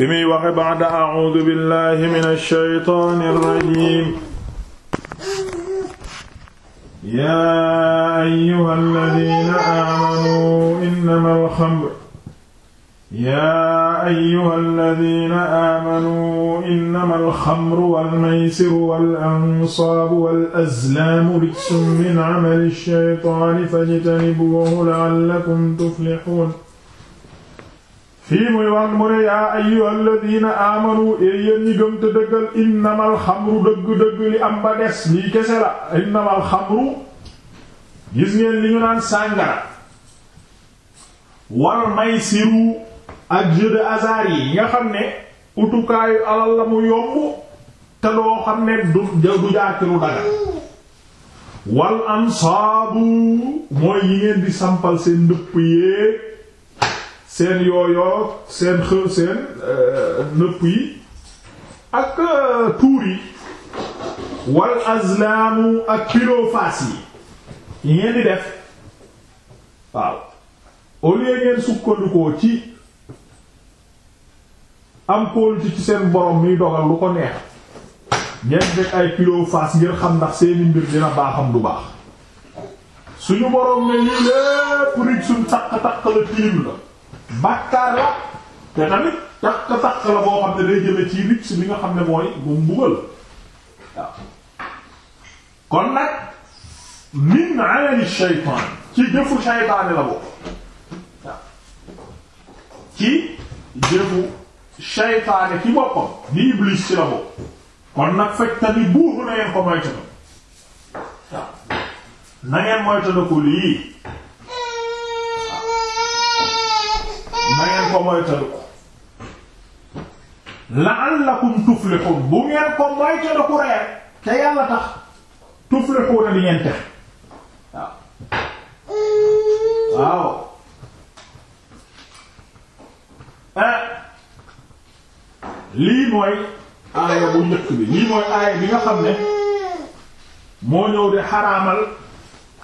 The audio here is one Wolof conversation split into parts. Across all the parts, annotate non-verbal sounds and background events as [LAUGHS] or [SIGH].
bi muy waxe ba'da a'uudu billahi mina shaytaani rajiim yaa ayyuhal ladiina aamanuu innamal xamr yaa ayyuhal ladiina aamanuu innamal xamru wal maysiru wal ansaabu wal azlaamu rijsun min amali shaytaani fajtanibuuhu la'allakum tuflixuun fii muy wax mu ne yaa ayyuhal ladina amanu ee yéen ñi dëggal innamal xamru dëgg-dëgg li am ba des lii kese la innamal xamru gis ngeen li ñu naan sàngara wal may siru ak jeu de yi nga xam ne utukaayu alal la mu yomb te doo xam ne du du daga wal ansaabu mooy yi ngeen di sampal seen ndëpp yéeg seen yooyoo seen xë seen euh, nëpp yi ak euh, tuur yi wal azlaamu ak pilo-face yi yi ngeen def waaw au lieu ngeen sukkandikoo ci am kóolute ci seen borom miy dogal lu ko neex ngeen def ay pilo-face ngir xam ndax seeni mbir dina baaxam du baax suñu borom ne lii lépp rig suñ taq-taq la tiim la bàkkaar te tamit takk takk la boo xam ne day jëme ci rips li nga xam ne mooy mu mbugal kon nag min amali shaytaan ci jëfu shaytaani la bokk waaw ci jëfu shaytaani ci boppam di iblis ci la bokk kon nag fekk tamit buuxu na ko moytana waaw moytana ko lii na ngeen ko moytandiku la'allakum tuflihun bu ngeen ko moytandiku rek te yàlla tax tuflihun di ngeen tex waaw waaw eh, lii mooy aaya bi lii nga xam ne moo ñëw de xaraamal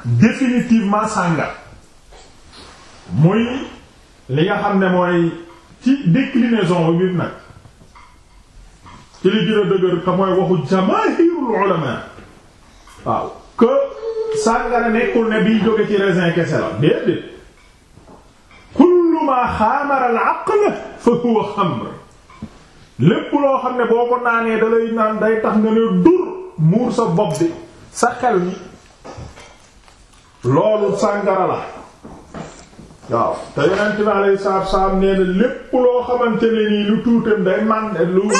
définitivement sànga muy li nga xam ne mooy ci déclinaison bi nag ci li gën a dëgër te mooy waxu jamaahirul ulama waaw que sàngara nekkul ne biy jóge ci raisin kese la déedéet kullu ma xaamara al fa huwa xamr lépp loo xam ne boo ko naanee da lay naan day tax nga ne dur muur sa bopp bi sa xel mi loolu sàngara la waaw te yonent bi alayhi salaatu salaam nee lépp loo xamante ne nii lu tuutam day man lu lu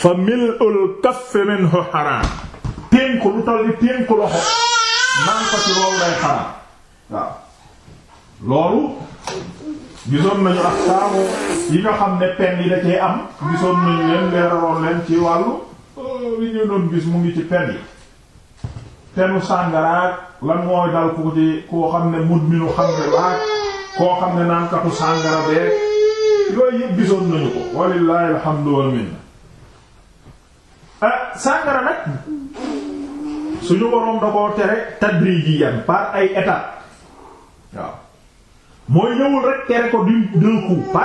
fa mil'ul kaff minhu haram ténk lu toll ni ténk loxo man ko ci loolu day xaraam waaw loolu gisoon nañu ak saabu yi nga xam ne pen yi da cee am gisoon nañu leen leeraloon leen ci wàllu oh, li ñu doon gis mu ngi ci pen yi tenu sàngaraag lan mooy dal ku ci koo xam ne mudminu xamrilaak koo xam ne naankatu sàngara beeg yooyu yëpp gisoon nañu ko walillahi alhamdu wal minna ah, sàngara nag suñu boroom da koo tere tadrijiyan par ay étapes waaw mooy ñëwul rek tere ko du d'un coup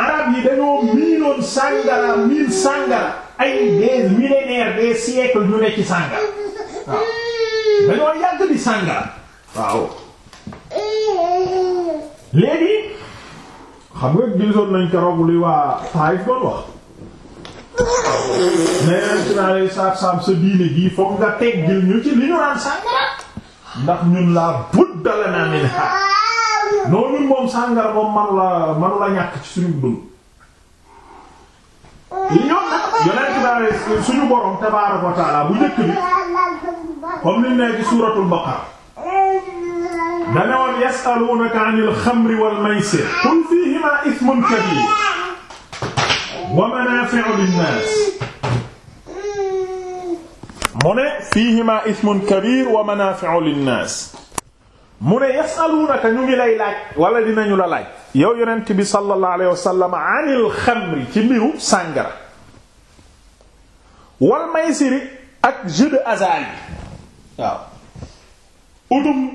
arab yi dañoo miinoon sàngara miin sàngara ay des millénaires des siècles ñu ne sàngara dañoo yàgg di sàngara waaw léegi xam nga gisoon nañ keroog li waa Taif doon wax neen ci naa lay saab saab sa ñu ci li naan sàngara ndax ñun laa buddale naa min ha noonu moom sàngara moom manu la manu la ñàkk ci suñu dund ñoom nag yonent daal suñu borom tabaaraka wa taala bu njëkk bi comme li nekk ci suuratul baqara dana woon yas'aluunaka anil xamri wal maysir qul fiihimaa ismun kabiir wa manaafi'u linnaas mu ne fiihimaa ismun kabiir wa manaafi'u linnaas mu ne yasaluunaka ñu ngi lay laaj wala dinañu la laaj yow yonent bi sallallahu alayhi wasallam anil xamri ci mbiru sàngara wal maysiri ak jeu de hasard yi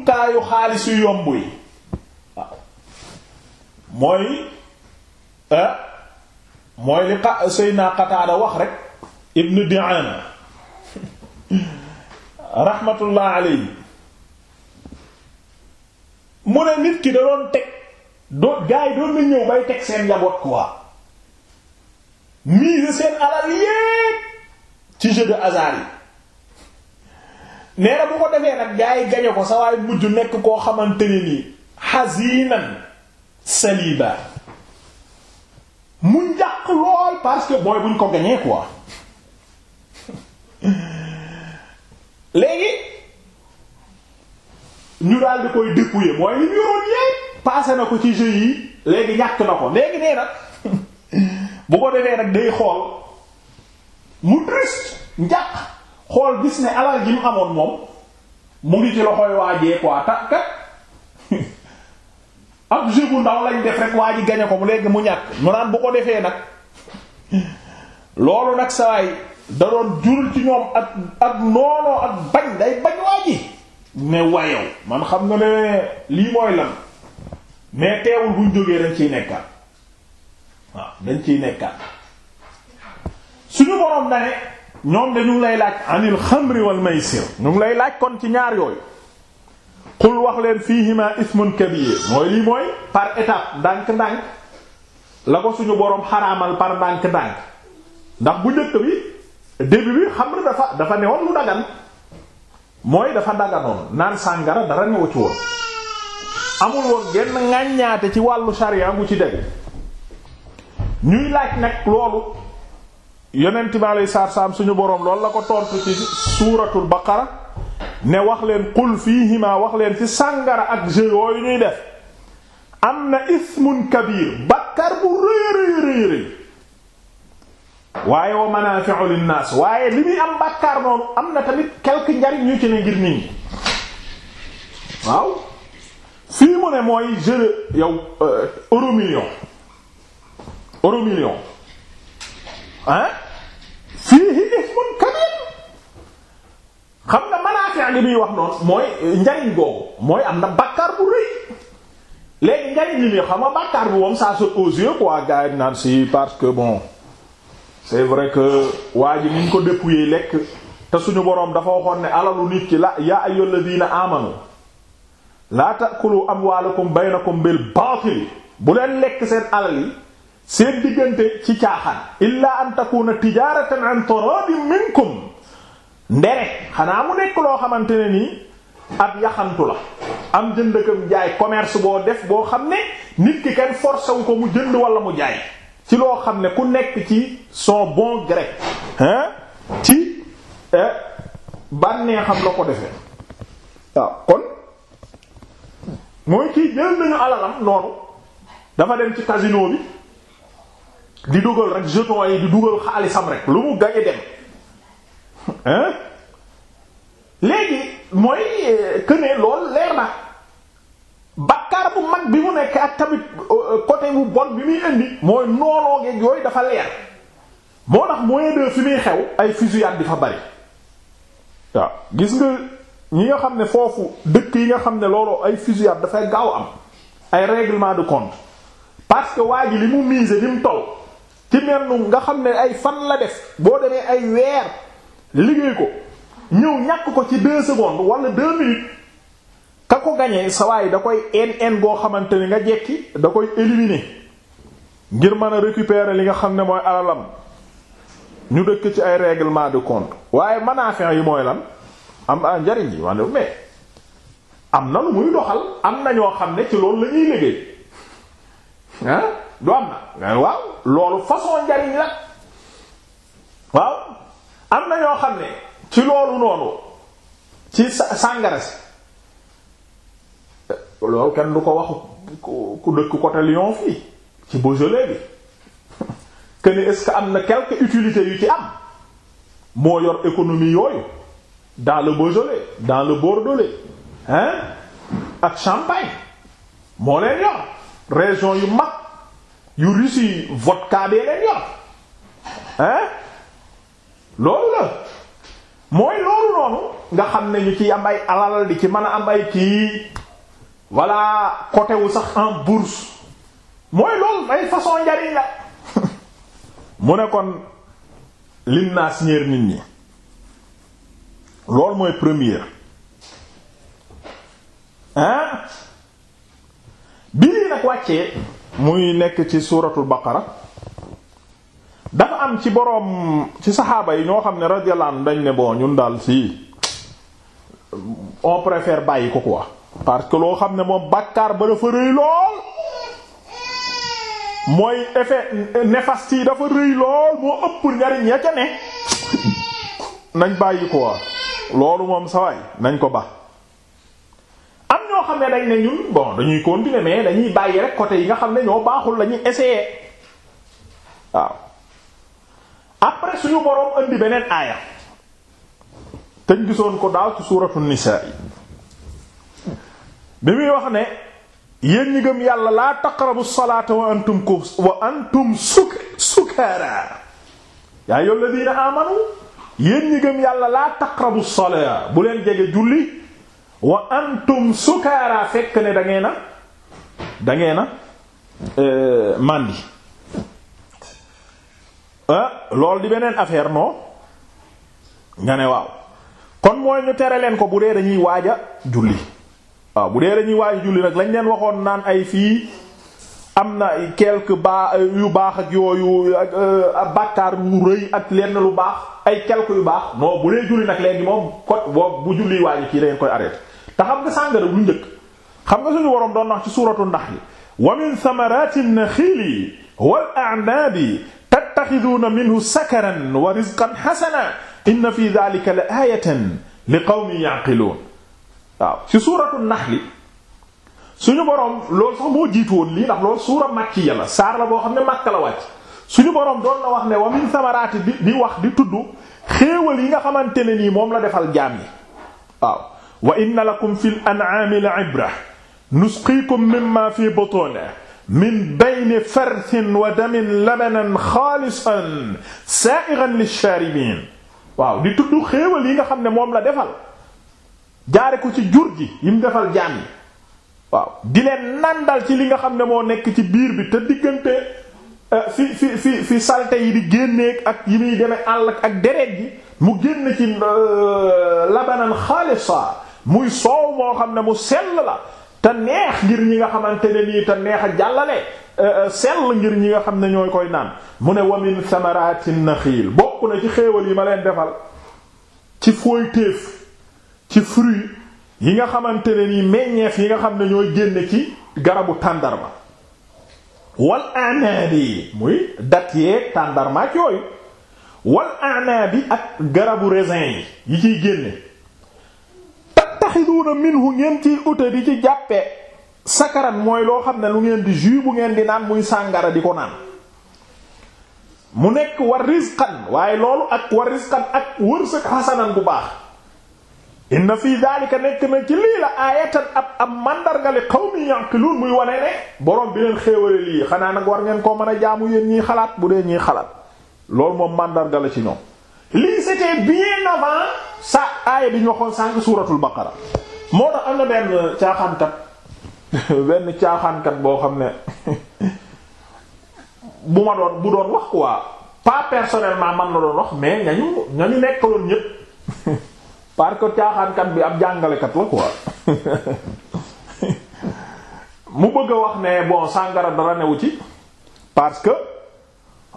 waaw xaalis yu yomb yi mooy ah, mooy li qa Qataada wax rek ibnu Di'aana [LAUGHS] rahmatullah alayhi mu ne nit ki da doon teg doo gaa yi doon na ñëw bay teg seen njaboot quoi mise seen alal yépp ci jeu de hasard yi nee na bu ko defee nag gaa yi gañe ko sa waay mujj nekk koo xamante ni nii xasiinan saliba mu njàq lool parce que booy buñ ko gañee quoi [LAUGHS] léegi ñu daal di koy dépouiller mooy li mu yoroon yépp na ko ci jeu yi léegi ñàkk na ko léegi nee nag [LAUGHS] bu ko defee nag day xool mu triste njàq xool gis ne alal ji mu amoon moom mu ngi ci loxoy waajee quoi ta kat [LAUGHS] ab jeu lañ def rek waa ji gañe ko mu léegi mu ñàkk naan bu ko defee nag [LAUGHS] loolu nag sawaay da doon jurul ci moom ak ak noonoo ak bañ day bañ waa ne wayow man xam nga ne lii mooy lan mais teewul buñ jógee dañ ciy nekkaat waaw dañ ciy nekkaat suñu boroom dane ñoom dañu lay laaj anil xamri wal maysir ñu ngi lay laaj kon ci ñaar yooyu xul wax leen fiihima ismun kabir mooy lii mooy par étape ndànk-ndànk la ko suñu boroom xaraamal par ndànk-ndànk ndax bu njëkk bi début bi xamr dafa dafa newoon lu dagan mooy dafa daganoon naan sàngara dara newu ci woon amul woon genn ŋàññaate ci wàllu sharia bu ci dégg ñuy laaj nag loolu yonent bi aleyhi salaatu suñu boroom loolu la ko tontu ci suuratul baqara ne wax leen fii fiihimaa wax leen ci sàngara ak jeu yu ñuy def am na ismun kabiir bakkar bu rëy rëy rëy waaye wa manaafi'u linnaas waaye li muy am bàkkaar noonu am na tamit quelque njariñ ñu ci ne ngir nit waaw fii mu ne mooy jeu yow euh, euro million euro million ah fiihi ismun kabiir xam nga manaafi' li muy wax noonu mooy njariñ googu mooy am na bàkkaar bu rëy léegi njariñ li muy xam nga bàkkaar bu moom ça saute aux yeux quoi gars naan si parce que bon c'est vrai que waa ji niñ ko dépouiller lekk te suñu boroom dafa waxoon ne alalu nit ki la yaa ayyul am amanu laa ta'kulu na ko bil baatil bu leen lekk seen alal yi seen diggante ci caaxaan illaa an takuna tijaratan an taradin minkum ndere xanaa mu nekk loo xamante ne nii ab yaxantu la am jëndëkam jaay commerce boo def boo xam ne nit ki kenn forcé wu ko mu jënd wala mu jaay ci loo xam ne ku nekk ci son bon gré hein ci eh, bànnee xam la ko defee waaw kon mooy kii jël nañu alalam noonu dafa dem ci casino bi di dugal rek jetons yi di dugal xaalisam rek lu mu gañe dem hein léegi mooy eh, que ne leer na bàkkaar bu mag bi mu nekk ak tamit euh, euh, côté bu bon bi muy indi mooy nooloo geeg yooyu dafa leer moo tax moyen de fi muy xew ay fusillade di fa bari waaw gis nga ñi nga xam ne foofu dëkk yi nga xam ne looloo ay fusillade dafay gaaw am ay réglement de compte parce que waa ji li mu miser li mu taw ci menn nga xam ne ay fan la def boo demee ay weer liggéey ko ñëw ñàkk ko ci deux secondes wala deux minutes ka ko gañee sa da koy en en boo xamante ni nga jekki da koy éliminer ngir mën a récupérer li nga xam ne mooy alalam ñu dëkk ci ay réglement de compte waaye manafin yi mooy lan am njariñ yi wane mais am na lu muy doxal am na ñoo xam ne ci loolu la ñuy liggéey ah du am na waaw loolu façon njariñ la waaw am na ñoo xam ne ci loolu noonu ci sàngara si loolu kenn du ko wax ku dëkk côté Lyon fii ci Beaujolais bi [LAUGHS] que ni est-ce que am na quelque utilité yu ci am moo yor économie yooyu dans le Beaujolais dans le Bordelais hein ak Champagne moo leen yor région yu mag yu Russie vodka bee leen yor hein loolu la mooy loolu noonu nga xam ne ñu ci am ay alal di ci mën a am ay kii. walla côté wu sax en bourse mooy loolu ay façon njariñ la [LAUGHS] mu ne kon lim naa ñeer nit ñi loolu mooy première ah bi lii nag wàccee muy nekk ci suuratul baqara dafa am ci boroom ci saxaaba yi ñoo xam ne radiyallahu anhu dañ ne bon ñun daal si on préfère bàyyi ko wa parce que loo xam ne moom bàkkaar ba dafa rëy lool mooy effet néfaste yi dafa moo ëpp njariñ ya ca ne nañ bàyyi ko waa loolu moom sawaay nañ ko ba am ñoo xam ne dañ ne ñun dañuy continuer mais dañuy bàyyi rek côté yi nga xam ne ñoo baaxul lañuy essayer waaw après suñu boroom indi beneen aaya te ñu gisoon ko daal ci suuratu nisaa yi bi muy wax ne yéen ñi gëm yàlla laa taqrabu salaata wa antum ko wa antum suk yaa ayyuhal ladiina amanu yéen ñi yàlla laa taqrabu salaata bu leen jege julli wa antum sukaara fekk ne da ngeen a da euh, màndi ah, loolu di beneen affaire non nga ne waaw kon mooy ñu tere leen ko bu dee dañuy waaja julli waaw bu dee dañuy waaj julli nag lañ leen waxoon naan ay fii am na quelque baax euh, yu baax ak yooyu euh, bàkkaar yu rëy ak lenn lu baax ay quelque yu baax non bu dee julli nag léegi moom kot boobu bu julli waaj kii dangeen koy arrêté te xam nga sàngara lu njëkk xam nga suñu waroon doon wax ci suuratu ndax yi wa min samarati naxili wal a'nabi tattaxiduuna minhu sakaran wa rizqan xasana inna fi dalika la ayatan li qawmin yaqiluun waaw ci suuratu naxli suñu boroom loolu sax moo jiitu woon lii ndax loolu suura makkiya la saar la boo xam ne makka la wàcc suñu boroom doon na wax ne wa min samaraati bi di wax di tuddu xéewal yi nga xamante ne nii moom la defal jaam yi waaw wa inna lakum fil an'aami la ibra nusqiikum mimma fi butunihi min bayni farsin wa damin labanan xaalisan saa'igan lish-shaaribiin waaw di tudd xéewal yi nga xam ne moom la defal jaare ko ci jur gi yim defal jànn yi waaw di leen nandal ci li nga xam ne moo nekk ci biir bi te diggante euh, fi fi fi fi salte yi di génneek ak yi muy deme àll ak deret gi mu génn ci euh, labanan xaalisa muy soow moo xam ne mu sell la te neex ngir ñi nga xamante ne nii te neex a jàllale euh, sell ngir ñi nga xam ne ñooy koy naan mu ne wamin samaratin naxiil bokk na ci xéewal yi ma leen defal ci fooy téef ci fruit yi nga xamante ne nii meññeef yi nga xam ne ñooy génne ci garabu tàndarma wal anabi muy dat yeeg tàndarma ak yooyu wal anabi ak garabu raisin yi yi ciy génne tattaxiduuna minhu ngeen ci ute di ci jàppe sakaran mooy loo xam ne lu ngeen di jus bu ngeen di naan muy sàngara di ko naan mu nekk war rizqan waaye loolu ak war rizqan ak wërsëg xasanan bu baax inna fii daalika nekk na ci lii la aayatan ab ab mandarga li qawmi muy wane ne borom bi leen xéewale lii xanaa nag war ngeen koo mën a jaamu yéen ñii xalaat bu dee ñiy xalaat loolu moom mandarga la ci ñoom lii c'était bien avant sa aaya bi ñu waxoon sànq suuratul baqara moo tax am na benn caaxaankat [LAUGHS] benn caaxaankat boo xam ne [LAUGHS] bu ma doon bu doon wax quoi pas personnellement man na doon wax mais ñañu ñañu nekkaloon ñépp [LAUGHS] parce que caaxaankat bi ab jàngalekat la quoi mu bëgg a wax ne bon sàngara dara newu ci parce que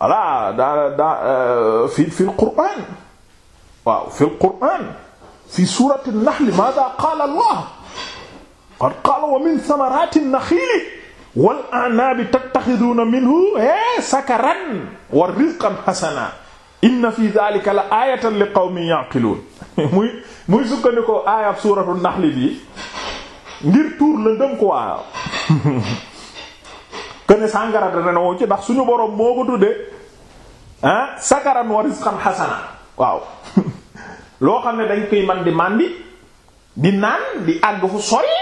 euh, fi fi fi alquran fi nahl maada qaala allah qad qaala wa min samarati an-nakhili wal a'nabi tattakhiduna minhu eh, sakaran wa rizqan inna fi daalika la aayatan li qawmin yaqiluun [LAUGHS] muy muy sukkandikoo aayab suuratu naxli bi ngir tuur la ndëm ko waaw [LAUGHS] këne sàngara dana ne wow ci ndax suñu boroom moo ko de ah sakaran wa rizqan xasana waaw [LAUGHS] loo xam ne dañ koy man di màndi di naan di àgg fu sori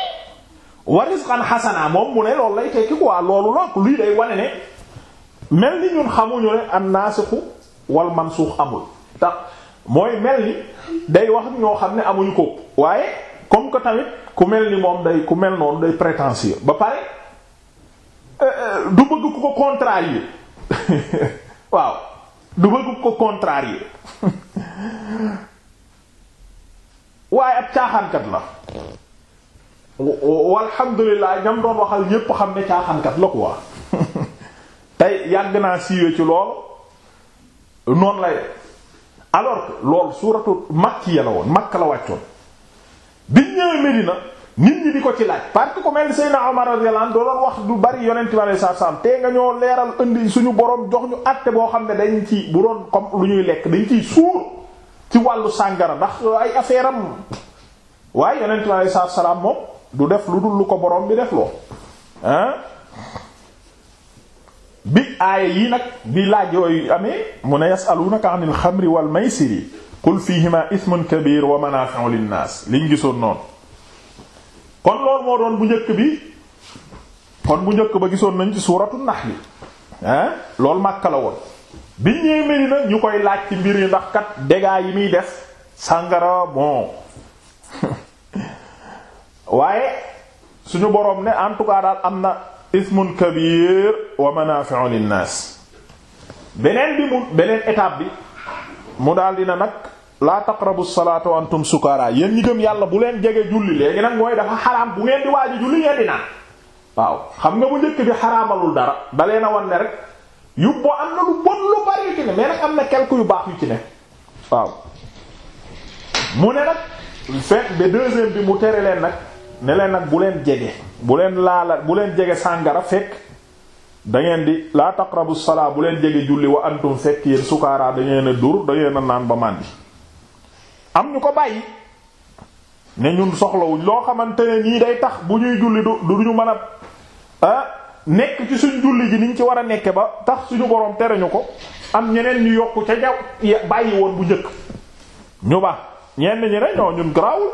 wa rizqan xasana moom mu ne loolu lay tekki ko waaw loolu la luy day wane ne mel ni ñun xamuñu ne an wal mansuux amul tax mooy mel ni day wax ñoo xam ne amuñu ko waaye comme que tamit ku mel ni moom day ku mel noonu day prétentieux ba pare euh, euh, du bëgg ku ko contrarier [LAUGHS] waaw du bëgg [LAUGHS] waaye ab caaxaankat la walhamdulilah ñam doon waxal ñépp xam ne caaxaankat la quoi [LAUGHS] tey yàgg naa siiwee ci loolu noonu lay alors que loolu suuratu makkiya la woon makk la wàccoon biñ ñëwee Medina nit ñi di ko ci laaj parce que ko mel Seydina Omar radiyallahu anhu doon wax du bari yonent bi alayhi salaam te nga ñoo leeral indi suñu borom jox ñu àtte boo xam ne dañ ci bu doon comme lu ñuy lekk dañ ciy suur ci wàllu sàngara ndax ay affaire am waaye yonent bi alayhi salaam moom du def lu dul lu ko boroom bi def loo bi aaya yi nag bi laaj yooyu amee mu ne yasalunaka anil xamri wal maysiri qul fihima ismun kabir wa manafi'u linnaas liñ gisoon noonu kon loolu moo doon bu njëkk bi kon bu njëkk ba gisoon nañ ci suuratu nahl ah loolu Makka la woon bi ñëwee Medina ñu koy laaj ci mbir yi ndax kat dégâts yi muy def sàngara bon [LAUGHS] waaye suñu boroom ne en tout cas daal am na ismun kabir wa manafi'u linnaas beneen bi mu beneen étape bi mu daal dina nag laa taqrabu salata wa antum sukara yéen ñi gëm yàlla bu leen jege julli léegi nag mooy dafa xaraam bu ngeen di waaji julli ngeen di naan waaw xam nga bu njëkk bi xaraamalul dara dalee na wan ne rek yu am na lu bon lu bari yu ci ne mais nag am na quelque yu baax yu ci ne waaw mu ne nag fekk ba deuxième bi mu tere leen nag ne leen nag bu leen jege bu leen laala bu leen jege sàngara fekk da ngeen di laa rabu salaa bu leen jege julli wa antum fekk yéen sukaaraa da ngeen a dur da ngeen a naan ba màndi am ñu ko bàyyi ne ñun soxlawuñ loo xamante ne nii day tax bu ñuy julli du ñu mën a nekk ci suñ julli ji niñ ci war a nekke ba tax suñu boroom tere ñu ko am ñeneen ñu yokk ca jaw bàyyi woon bu njëkk ñu ba ñenn ñi ñoo ñun garaawul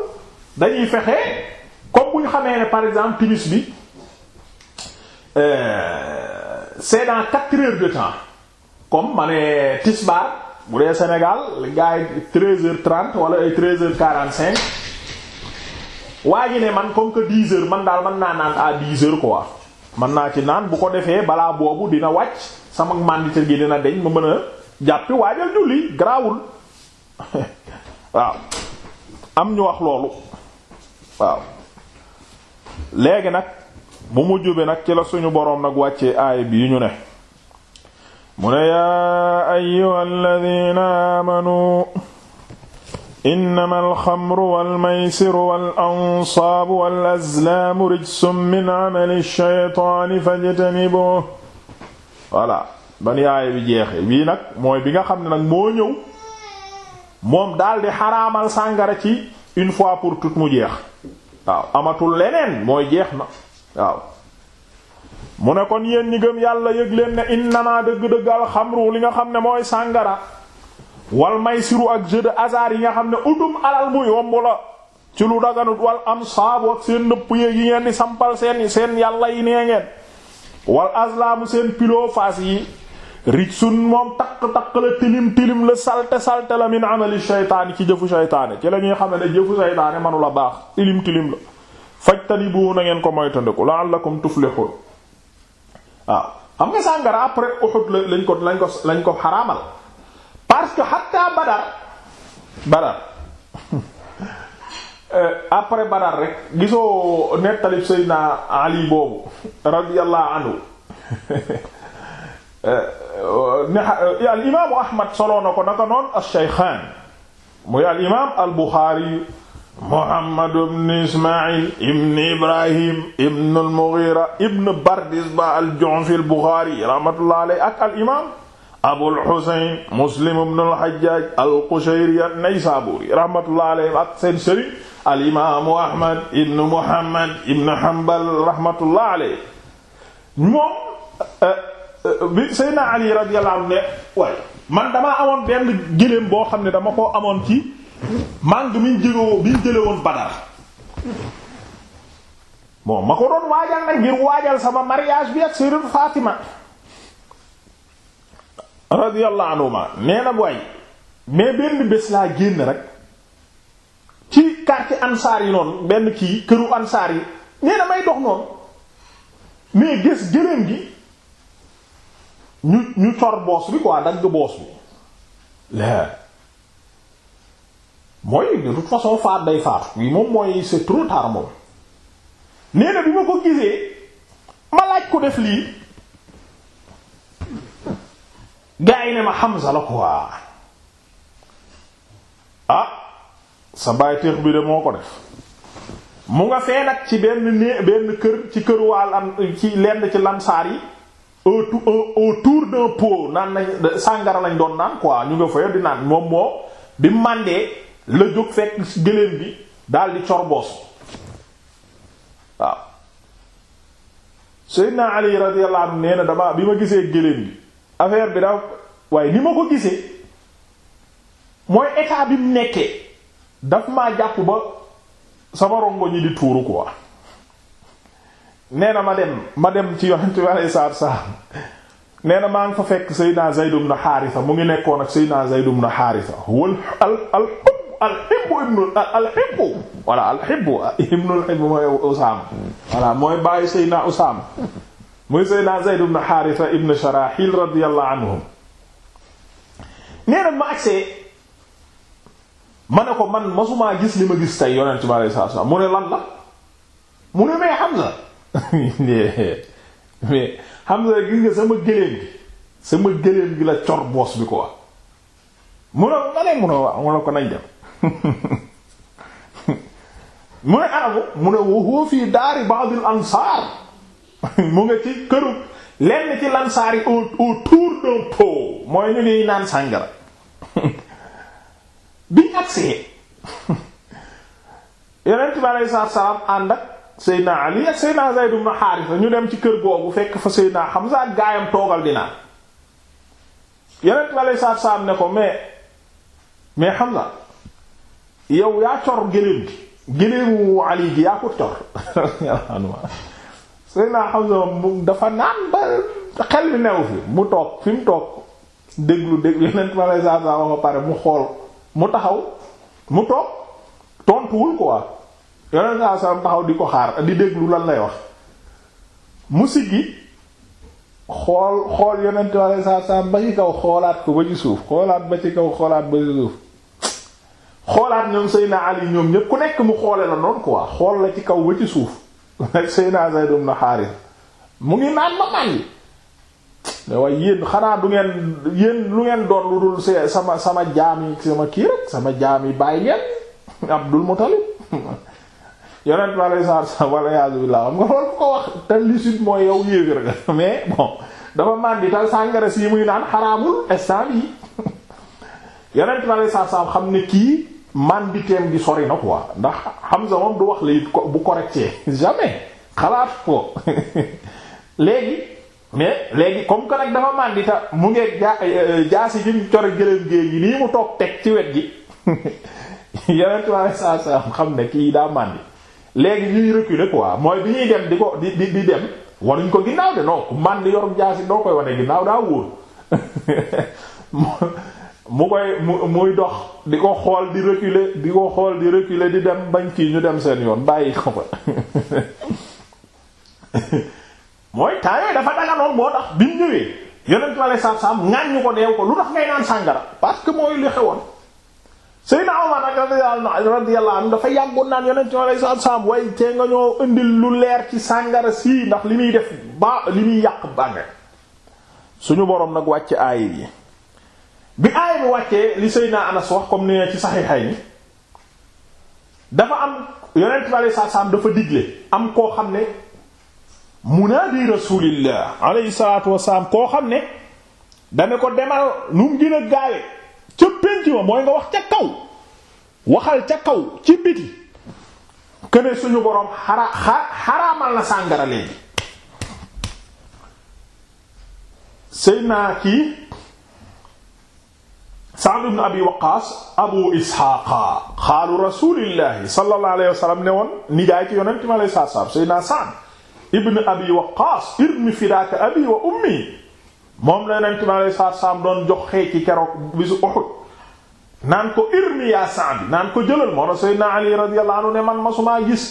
dañuy fexe. comme bu ñu xamee ne par exemple timis bi euh, c'est dans quatre heures de temps comme ma ne tisbaar bu dee Sénégal gars yi treize heures trente wala ay treize heures quarante cinq waa ji ne man comme que dix heures man daal mën naa naan à dix heures quoi man naa ci naan bu ko defee balaa boobu dina wàcc sama mandité gi dina deñ ma mën a jàppi waajal julli garaawul [LAUGHS] waaw am ñu wax loolu waaw léegi nag bu mu bi nag ci la suñu boroom nag wàccee aay bi ñu ne mu ne yaa ayyuhal ladina amanu innama alxamru walmaysiru wal ansaabu wal azlaamu rijsum min amali shaytaani fajtanibuuhu voilà ban aaya bi jeexe bii nag mooy bi nga xam ne nag moo ñëw moom daldi xaraamal sàngara ci une fois pour tout mu jeex waaw amatul leneen mooy jeex na waaw mu ne kon yéen ñi gëm yàlla yëg leen ne innama dëgg-dëgg alxamru li nga xam ne mooy sàngara wal may maysiru ak jeu de yi nga xam ne utum alal bu yomb la ci lu daganut wal am saabu ak seen nëpp yéeg yi ngeen di sampal seen seen yàlla yi nee ngeen wal azlaamu seen pilo faas yi rijsun moom takk-takk la tilim tilim la salte salte la min amali shaytaani ci jëfu shaytaane ci la ñuy xam ne jëfu shaytaane manula baax tilim tilim la fajtanibu na ngeen ko moytandiku la'allakum tuflihun waaw xam nga sàngara après Uhud lañ ko lañ ko lañ ko xaraamal parce que hatta Badar Badar [LAUGHS] euh, après Badar rek gisoo nettalib Seydina Ali boobu radiyallahu anhu [LAUGHS] Eh, eh, oh, ne al imaamu Ahmad soloo na ko naka noonu as-Shaykhaan muy al imaam al Buxaari Muhammad ibn Ismaïl ibn Ibrahim ibn al-Mughira ibn Bardisba al-Ju'fi al-Bukhari rahmatullahi alayhi ak al imaam Abul Husayn Muslim ibn al-Hajjaj al-Qushayri an-Naysaburi rahmatullahi alayhi ak seen sëriñ al imaamu Ahmad ibn Muhammad ibn Hanbal rahmatullahi alayhi moom. Eh, bi Seydina Ali radiyallahu anhu waaye man damaa amoon benn gëléem boo xam ne dama koo amoon ci màng mi ñu jëloo bi ñu jële woon Badar bon ma ko doon waajal nag ngir waajal sama mariage bi ak Sayyidatu Fatima radiyallahu anhuma nee na waaye mais benn bés laa génn rek ci quartier ansaar yi noonu benn kii këru ansaar yi nee may dox noonu mais gis gëléem gi ñu ñu cor boos bi waa dagg boos bi la mooy de toute façon faat day faatu yi moom mooy c'est trop bi ma ko gisee ma laaj ko def lii gaa yi ne ma Hamza la waa ah sa baay téex bi de moo ko def mu nga fee nag ci benn nee benn kër ci kër waa lan ci lenn ci lansaar yi Euh, autour d'un pot naan nañ sàngara lañ doon naan quoi ñu nga fa di naan moom moo bi màndee la jóg fekk gëléem bi daal di corboos waaw Seydina Ali radiyallahu anhu nee na dama bi ma gisee gëléem bi affaire bi dafa waaye ni ma ko gisee mooy état bi mu nekkee daf maa jàpp ba sama rongo ñi di tuuru quoi nee na ma dem ma dem ci yonent bi alayhi salaatu salaam nee na maa ngi fa fekk Seydina Zayd ibn Haarisa mu ngi nekkoon ak Seydina Zayd ibn Haarisa wal al al alxibbu ibnu alxibbu voilà alxibbu ibnu alxibbu mooy Usaama voilà mooy bàyyi Seydina Usaama muy Seydina Zayd ibn Haarisa ibn Sharaxil radiyallahu anhum nee na ma agsee ma ne ko man masumaa gis li ma gis tey yonent bi alayhi salaatu salaam mu ne lan la mu ne mais Hamza [LAUGHS] mais xam nga gis nga sama gëléem gi sama gëléem gi la cor boos bi ko wax mu ma ne mu ne waaw ko nañ dem [LAUGHS] mu ne arabu mu ne fii daari ba'dil ansaar [LAUGHS] mu ci këru lenn ci lansaar yi au autour mooy ñu ngiy naan sàngara biñ agsee yonent bi aleyhi salaatu wa salaam ànd Seydina Ali ak Seydina Zayd ibn Haarisa ñu dem ci kër googu fekk fa Seydina Hamza ak gaayam toogal dinaa yeneen lay saat saam ne ko mais mais Hamza yow yaa cor géléem gi géléemu Ali gi yaa ko cor [LAUGHS] Seydina Hamza moom dafa naan ba xel bi new fi mu toog fi mu toog déglu déglu yeneen lay saat saam ba pare mu xool mu taxaw mu toog tontuwul quoi yoneen saa saam taxaw di ko xaar di déglu lan lay wax mu yi xool xool yonent wala saa saam ba ci kaw xoolaat ko ba ci suuf xoolaat ba ci kaw xoolaat ba ci suuf xoolaat ñoom Seyna Ali ñoom ñépp ku nekk mu xoole la noonu quoi xool la ci kaw ba ci suuf [LAUGHS] Seyna Zayd ibn Harith mu ngi naan ma màyyi mais waaye yéen xanaa du ngeen yéen lu ngeen doon lu dul sama sama jaam yi sama kii rek sama jaam yi bàyyi ngeen [LAUGHS] Abdul Muttalib [LAUGHS] yonent bi alei salatu salam wala yasubillah xam nga loolu ko wax te licite mooy yow yéefér nga [LAUGHS] mais bon dafa màndi tal sàngara si muy naan xaraamul instant bi [LAUGHS] yonent bi alei salatu salam xam ne kii mànditeem gi sori na quoi ndax Hamza moom du wax la bu correcté [LAUGHS] jamais xalaat mais léegi comme que nag dafa màndita mu ngee jaa euh, jaasi ji mu core gëléem géej gi nii mu toog teg ci wet gi xam ne kii daa màndi léegi ñuy reculer quoi mooy bi ñuy dem di ko di di di dem waruñ ko ginnaaw de non man di yorum jaasi doo koy wane ginnaaw daa wóor [LAUGHS] mu koy mu muy dox di ko xool di reculer di ko xool di reculer di dem bañ kii ñu dem seen yoon bàyyi ko fa [LAUGHS] mooy temps yooyu dafa daganoon moo tax bi mu ñëwee yeneen ma lay saam saam ñu ko deew ko lu tax ngay naan sàngara parce que mooy li xewoon Seydina na nag radiyallahu anhu dafa yàggoon naan yonent ci alayhi salaatu salaam way tee nga ñoo indil lu leer ci sàngara sii ndax li muy def ba li muy yàq bànge suñu boroom nag wàcc aay yi bi aay wàccee li Seydina Anas wax comme ni ci saxiixay ni dafa am yonent bi alayhi salaam dafa digle am koo xam ne munaadi rasuulillah alayhi salaatu wasalaam koo xam ne dana ko demal nu gën a gaawe ca pénc ma mooy nga wax ca kaw waxal ca kaw ci biti këne suñu boroom xara xaraamal na sàngara léegi sëy naa kii Sa'd ibn Abi Waqqas Abu Isxaaqa xaalu rasulillahi sallallahu alayhi wa sallam ne woon nijaay ci yonent mi alayhi salaatu wa salaam sëy naa Sa'd ibn Abi Waqqas irmi fidaaka abi wa ummi moom la yonent bi alayhi doon jox xee ci keroog bisu Uhud naan ko irmi yaa Sa'd naan ko jëlal moo na Seydina Ali radiyallahu anhu ne man masumaa gis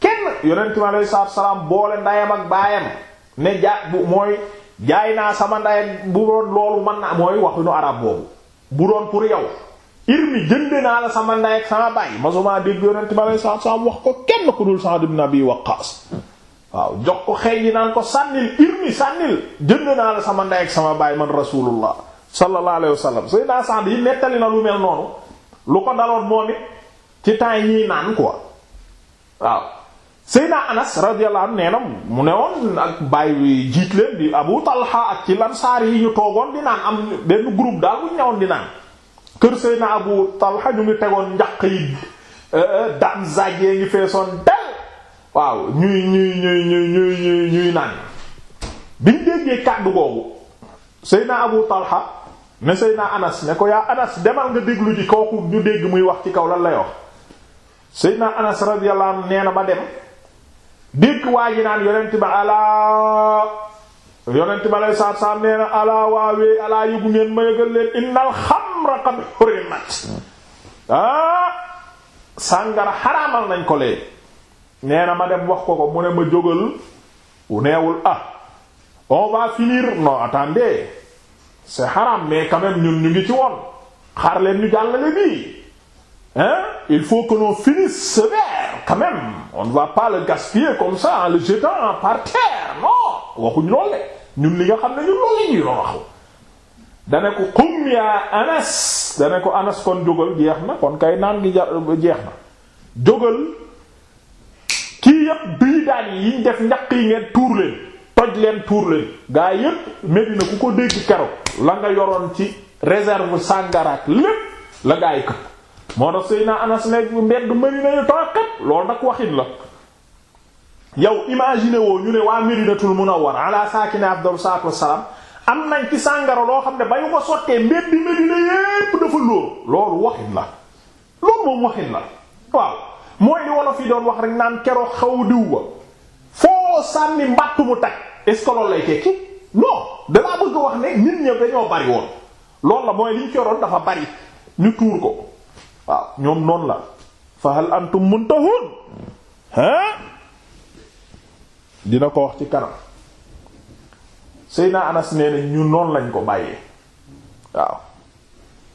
kenn yonent bi alayhi salaatu salaam ak baayam ne naa sama ndayam bu doon loolu mën na mooy waxuñu boobu bu doon pour yow irmi jënde naa la sama nday ak sama baay masumaa dégg yonent bi alayhi salaatu wax ko kenn ku dul Sa'd ibn Abi Waqqaas waaw jox ko xëy yi naan ko sànnil irmi sànnil jënd naa la sama ndey ak sama baay man rasulullah sallallahu alayhi wasallam sayyidina Sa'd yi nettali na lu mel noonu lu ko daloon moom it ci temps yi naan ko waaw sayyidina Anas radiyallahu anhu nee na mu ne woon ak bàyyi jiit leen di Abu Talha ak ci lansaar yi ñu toogoon di naan am benn group daal bu ñu ñëwoon di naan kër sayyidina Abu Talha ñu ngi tegoon njaq yi euh, daan zaaj yee ngi feesoon del waaw ñuy ñuy ñuy ñuy ñuy ñuy ñuy naan biñ déggee kàddu googu Seydina Abu Talha ne Seydina Anas ne ko yaa Anas demal nga déglu ji kooku ñu dégg muy wax ci kaw lan lay wax naa Anas radiyallahu anhu nee na ba dem dégg waa ji naan yonent ba alaa yonent ba lay saat saam alaa waawee alaa yëgu ma yëgal leen innal xamra qad hurimat ah, sàngara xaraamal nañ ko lee nee ma dem wax ko ko mu ne ma jógal u neewul ah on va finir non attendez c'est haram mais quand ñun ñu ngi ci woon xaar leen ñu jàllale bii hein il faut que l'on finisse ce verre on va pas le gaspiller comme ça le jetant par terre non waxuñ loole ñun li nga xam ne ñun loolu ñuy doon wax dane ko qum yaa Anas dane Anas kon jógal jeex na kon kay naan gi jeex na jógal kii yépp bii daan yi yiñ def njaq yi ngeen tuur leen toj leen tuur leen gaa yépp Medina ku ko dégg kero la nga yoroon ci réserve sàngaraak lépp la gaa yi këpp moo tax Seydina Anas nekk mbedd Medina yu tooy xëpp loolu waxin la yow imagine woo ñu ne waa Medinatul Munawwara ala saakine afdalu salaatu wassalaam am nañ ci sàngara loo xam ne ba ñu ko sottee mbedd Medina yépp dafa lóor loolu waxin la loolu moom waxin la waaw mooy li wolof yi doon wax rek naan keroog xaw diw ba foo sànni mbàtt mu tag est lay tekki non damaa bëgg wax ne nit ñëpp dañoo bari woon lool la mooy liñ coroon dafa bari ñu tuur ko waaw ñoom noonu la fa hal antum muntahun hein dina ko wax ci kanam Seyna Anas nee na ñu noonu lañ ko bàyyee waaw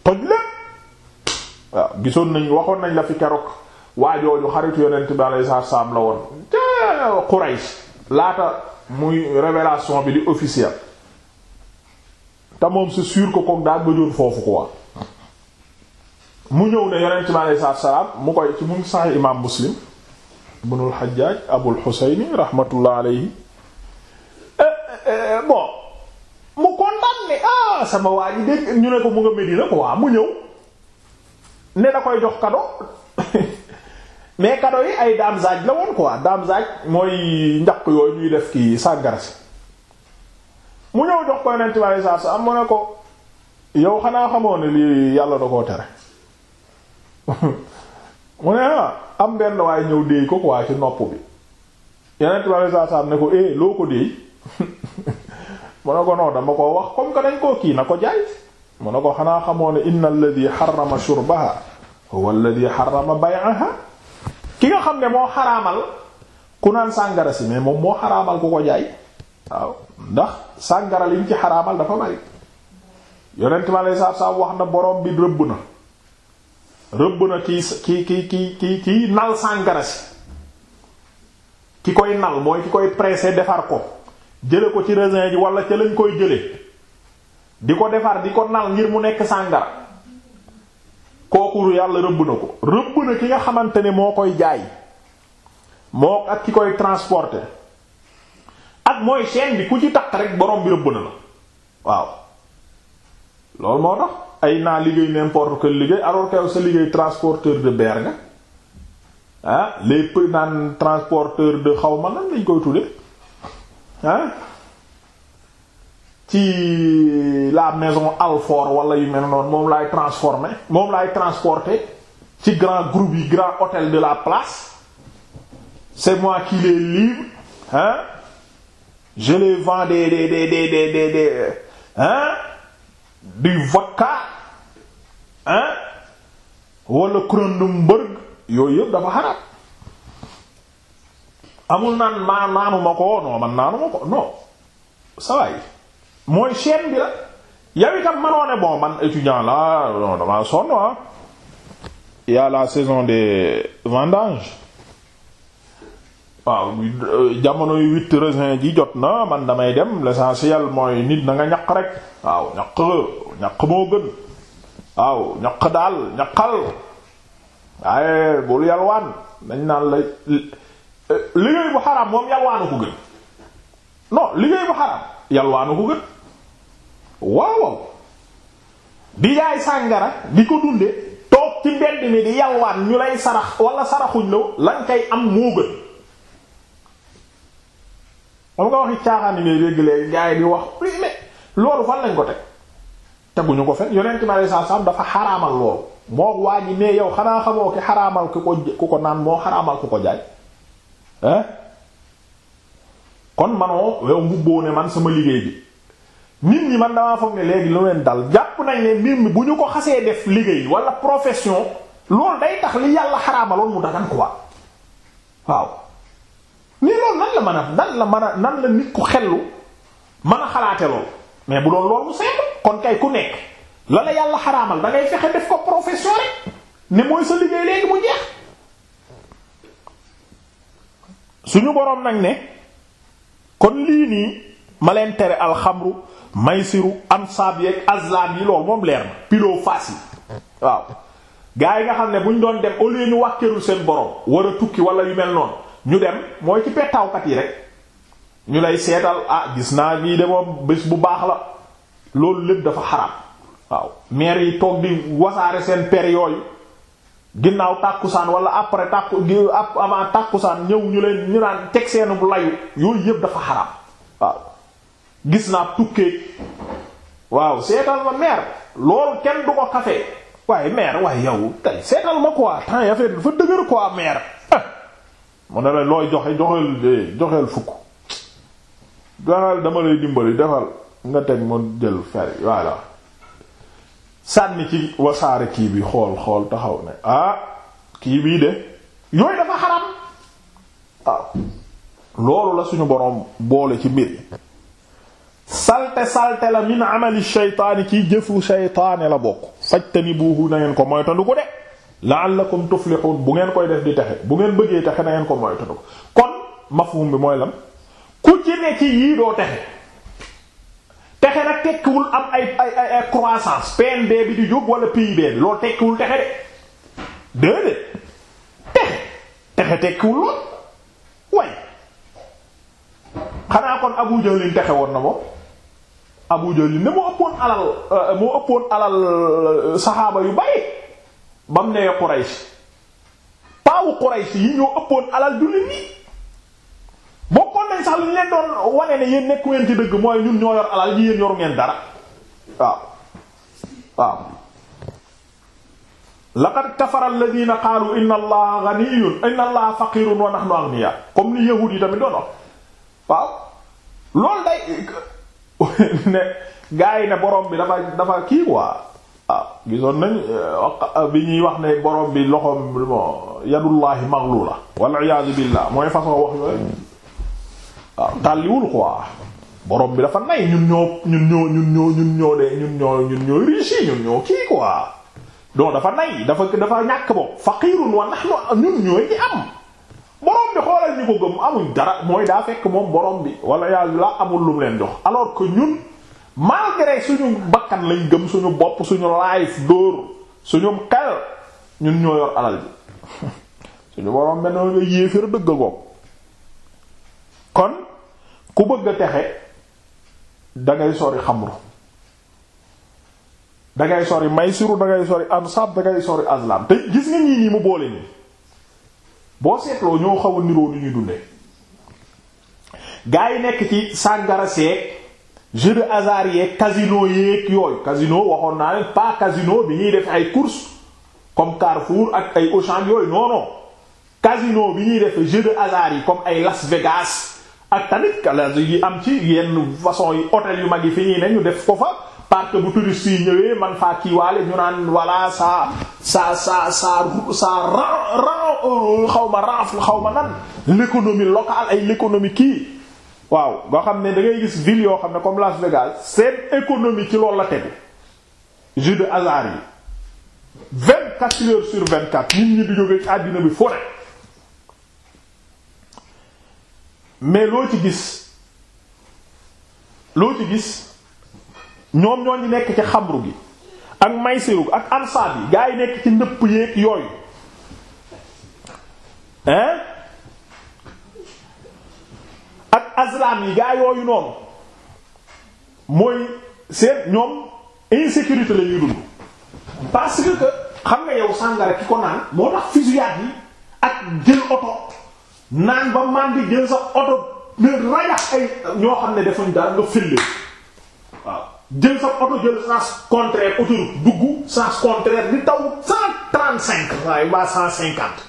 toj la waaw gisoon nañ waxoon nañ la fi keroog waajooju xaritu yonent bi alayhi salaam la woon ca Quraysh laata muy révélation bi di officiel te moom c'est sûr kook daal bëjoon foofu quoi mu ñëw ne yonent bi alayhi salaam mu koy ci mu sax imaam Muslim ibnul Hajjaaj Abul Husayni rahmatullah alayhi eh, eh, eh, bon mu condamné ah sama waa ji ñu ne ko mu nga Medina quoi mu ñëw ne da koy jox cadeau mais cadeau yi ay daam zaaj la woon quoi daam zaaj mooy njaq yooyu ñuy def ki sàngara si mu ñëw jox ko yonent bi alayhi salaatu salaam ko yow xanaa xamoo ne lii yàlla da koo tere [LAUGHS] mu ne ah, benn waaye ñëw déey ko quoi ci nopp bi yonent bi eh, [LAUGHS] dama ko wax comme que dañ koo kii na ko jaay mu ne ko xanaa xamoo ne inna alladhi harrama shurbaha huwa alladhi harrama bay'aha ki nga xam ne moo xaraamal ku naan sàngara si mais moom moo xaraamal ku ko jaay waaw ndax sàngara liñ ci xaraamal dafa bari yonent ma lay saab saab wax na borom bi rëbb na na ki ki ki ki ki ki nal sàngara si ki koy nal mooy ki koy pressé defar ko jële ko ci raisin ji wala ci lañ koy jële di ko defar di ko nal ngir mu nekk sàngara kooku yàlla rëbb na ko rëbb na ki nga xamante ni moo koy jaay moo ak ki koy transporter ak mooy chaîne bi ku ci takk rek borom bi rëbb na la waaw loolu moo tax ay naa liggéey n'importe quel liggéey alors que sa liggéey transporteur de beer nga ah les prix naan transporteur de xaw ma nan lañ koy tudde ah ci la maison Alfort wala yu mel noonu moom laay transformer moom laay transporter ci grand group yi grand hôtel de la place c'est mois kii les livre hein je les vends des des des des hein du vodka hein wala Kronenbourg yooyu yëpp dafa xaraam amul naan maa naanuma ko non man naanuma ko non ça mooy chaîne bi la yow itam bon man étudiant la non damaa sonn ah. il la saison des vendanges waaw jamono yu huit raisin ji jot na man damay dem l'essentiel mooy nit na nga ñaq rek waaw ñaq ñaq moo gën waaw ñaq daal ñaqal waaye bul yalwaan dañ naan la liggéey bu xaraam moom yalwaanu ko gën non liggéey bu xaraam yalwaanu ko gën waaw di jaay sàngara di ko dunde toog ci mbedd mi di yalwaan ñu lay sarax wala saraxuñ la lañ koy am moo gën xam nga waxi caaxaan yi ngay dégg léegi gaa wax mais loolu fan lañ ko teg teguñu ko fen yonent mi alayhi salaam dafa xaraamal loolu moo waa ji mais yow xanaa xamoo ki xaraamal ku ko ko naan moo xaraamal ku ko jaay kon manoo yow mbubboo ne man sama liggéey bi nit ñi man damaa foog ne léegi lu leen dal jàpp nañ ne mbir mi bu ñu ko xasee def liggéey wala profession loolu day tax li yàlla xaraamaloon mu dagan quoi waaw nii loolu nan la mën a nan la man a nan la nit ku xellu mën a xalaate lool mais bu doon loolu mu simple kon kay ku nekk la la yàlla xaraamal da fexe def ko profession rek ne mooy sa liggéey léegi mu jeex suñu boroom nag ne kon lii nii ma leen tere alxamru maysiru ansaab yeeg azlam yi loolu moom leer na pilo faas yi waaw gaa yi nga xam ne buñ doon dem au lieu ñu wàkkeerul seen borom war tukki wala yu mel noonu ñu dem mooy ci pettaawkat yi rek ñu lay seetal ah gis naa lii de moom bés bu baax la loolu lépp dafa xaraam waaw yi toog di wasaare seen per yooyu ginnaaw tàkkusaan wala après tàkku avant tàkkusaan ñëw ñu leen ñu naan teg seenu bu layu yooyu yëpp dafa xaraam waaw gis naa tukkee waaw seetal ma meer loolu kenn du ko xafee waaye meer waaye yow tey seetal ma quoi temps ya fee dafa dëgër quoi meer ah. mu ne la looy joxe joxeel joxeel fukk joxeel dama lay dimbali defal nga teg ma jël fer voilà sànni ci wasaare kii bi xool xool taxaw ne ah kii bii de yooyu dafa xaram loolu la suñu boroom boole ci mbir salte salte la min amali shaytaani ci jëfu shaytaane la bokk fajtanibuhu na ngeen ko moytandu ko de la la'allakum tuflihun bu ngeen koy def di taxe bu ngeen bëggee taxe na ngeen ko moytandu ko kon mafhum bi mooy lan ku ci ne ci yii doo taxe taxe nag tekkiwul am ay ay ay croissance PNB bi di jóg wala PIB bi loolu tekkiwul taxe de déedéet taxe taxe tekkiwul lool way xanaa kon Abu Jahl texe woon na moom Abu Jahl ne moo ëppoon alal euh, moo ëppoon alal euh, saxaaba yu bari ba mu nee Quraysh paawu Quraysh yi ñoo ëppoon alal jullit ñi bokkoon nañ sax lu ñu doon wane ne yéen nekku ngeen ci dëgg mooy ñun ñoo yor alal yi yéen yoru ngeen dara waaw waaw laqad kafara alladhina qaalu inna allaha ghaniyyun inna allaha faqirun wa nahnu aghniya comme ni yahuud yi tamit doon wax waaw loolu day [LAUGHS] ne gaa yi ne borom bi dafa dafa kii quoi waaw ah, gisoon nañ eh, bi ñuy wax ne borom bi loxoom yadullahi maglula wal iyaadu billah mooy façon wax yooyu waaw ah, tàlliwul quoi borom bi dafa nay ñun ñoo ñun ñoo ñun ñoo ñun ñoo de ñun ñun ñoo riche ñun ñoo kii dafa nay dafa dafa ñàkk bopp faqiirun wa nahnu ñun ñooy ñi am borom bi xoolal ñu ko gëm amuñ dara mooy daa fekk moom boroom bi wala yàlla laa amul lu mu leen jox alors que ñun malgré suñu bakkan lañ gëm suñu bopp suñu life dóor suñu xel ñun ñoo yor alal ji [LAUGHS] suñu borom benn nga yéeféer dëgg a kon ku bëgg a texe dangay sori xamru dangay sori maysiru dangay sori ansab dangay sori azlam te gis nga ñii nii mu boole nii boo seetloo ñoo xaw a niroo ñuy dundee gaa yi nekk ci sàngara seeg jeu de hasard yeeg casino yeeg yooyu casino waxoon naa leen pas casino bi ñuy def ay courses comme Carrefour ak ay Auchan yooyu non casino bi ñuy def jeu de hasard yi comme ay Las Vegas ak tamit kala yi am ci yenn façon yi hôtel yu mag yi fi ñuy ne ñu def ko fa. parce bu touriste yi ñëwee man faa kiiwaale ñu naan voilà sa sa sa sa sa ran ran xaw ma raaf xaw ma nan l'économie locale ay l'économie kii waaw nga xam ne da ngay gis ville yoo xam ne comme Las Vegas seen économie ci loolu la tegu jeu de hasard yi vingt-quatre sur vingt-quatre nit ñi di jóge ci àddina bi fore mais loo ci gis loo ci gis ñoom ñoo ñu nekk ci xamru gi ak maysiru ak ansaab yi gaa yi nekk ci ndëpp yéeg yooyu hein ak azlam yi gaa yooyu noonu mooy seen ñoom insécurité la ñuy dund parce xam nga yow sàngara ki ko naan moo tax fusillade yi ak jël oto naan ba màndi jël sa oto ne rajax ay ñoo xam ne defuñ daal nga fële waaw jël sa oto jël sens contraire autoroute dugg sens contraire di taw cent trente waaye waa cent cinquante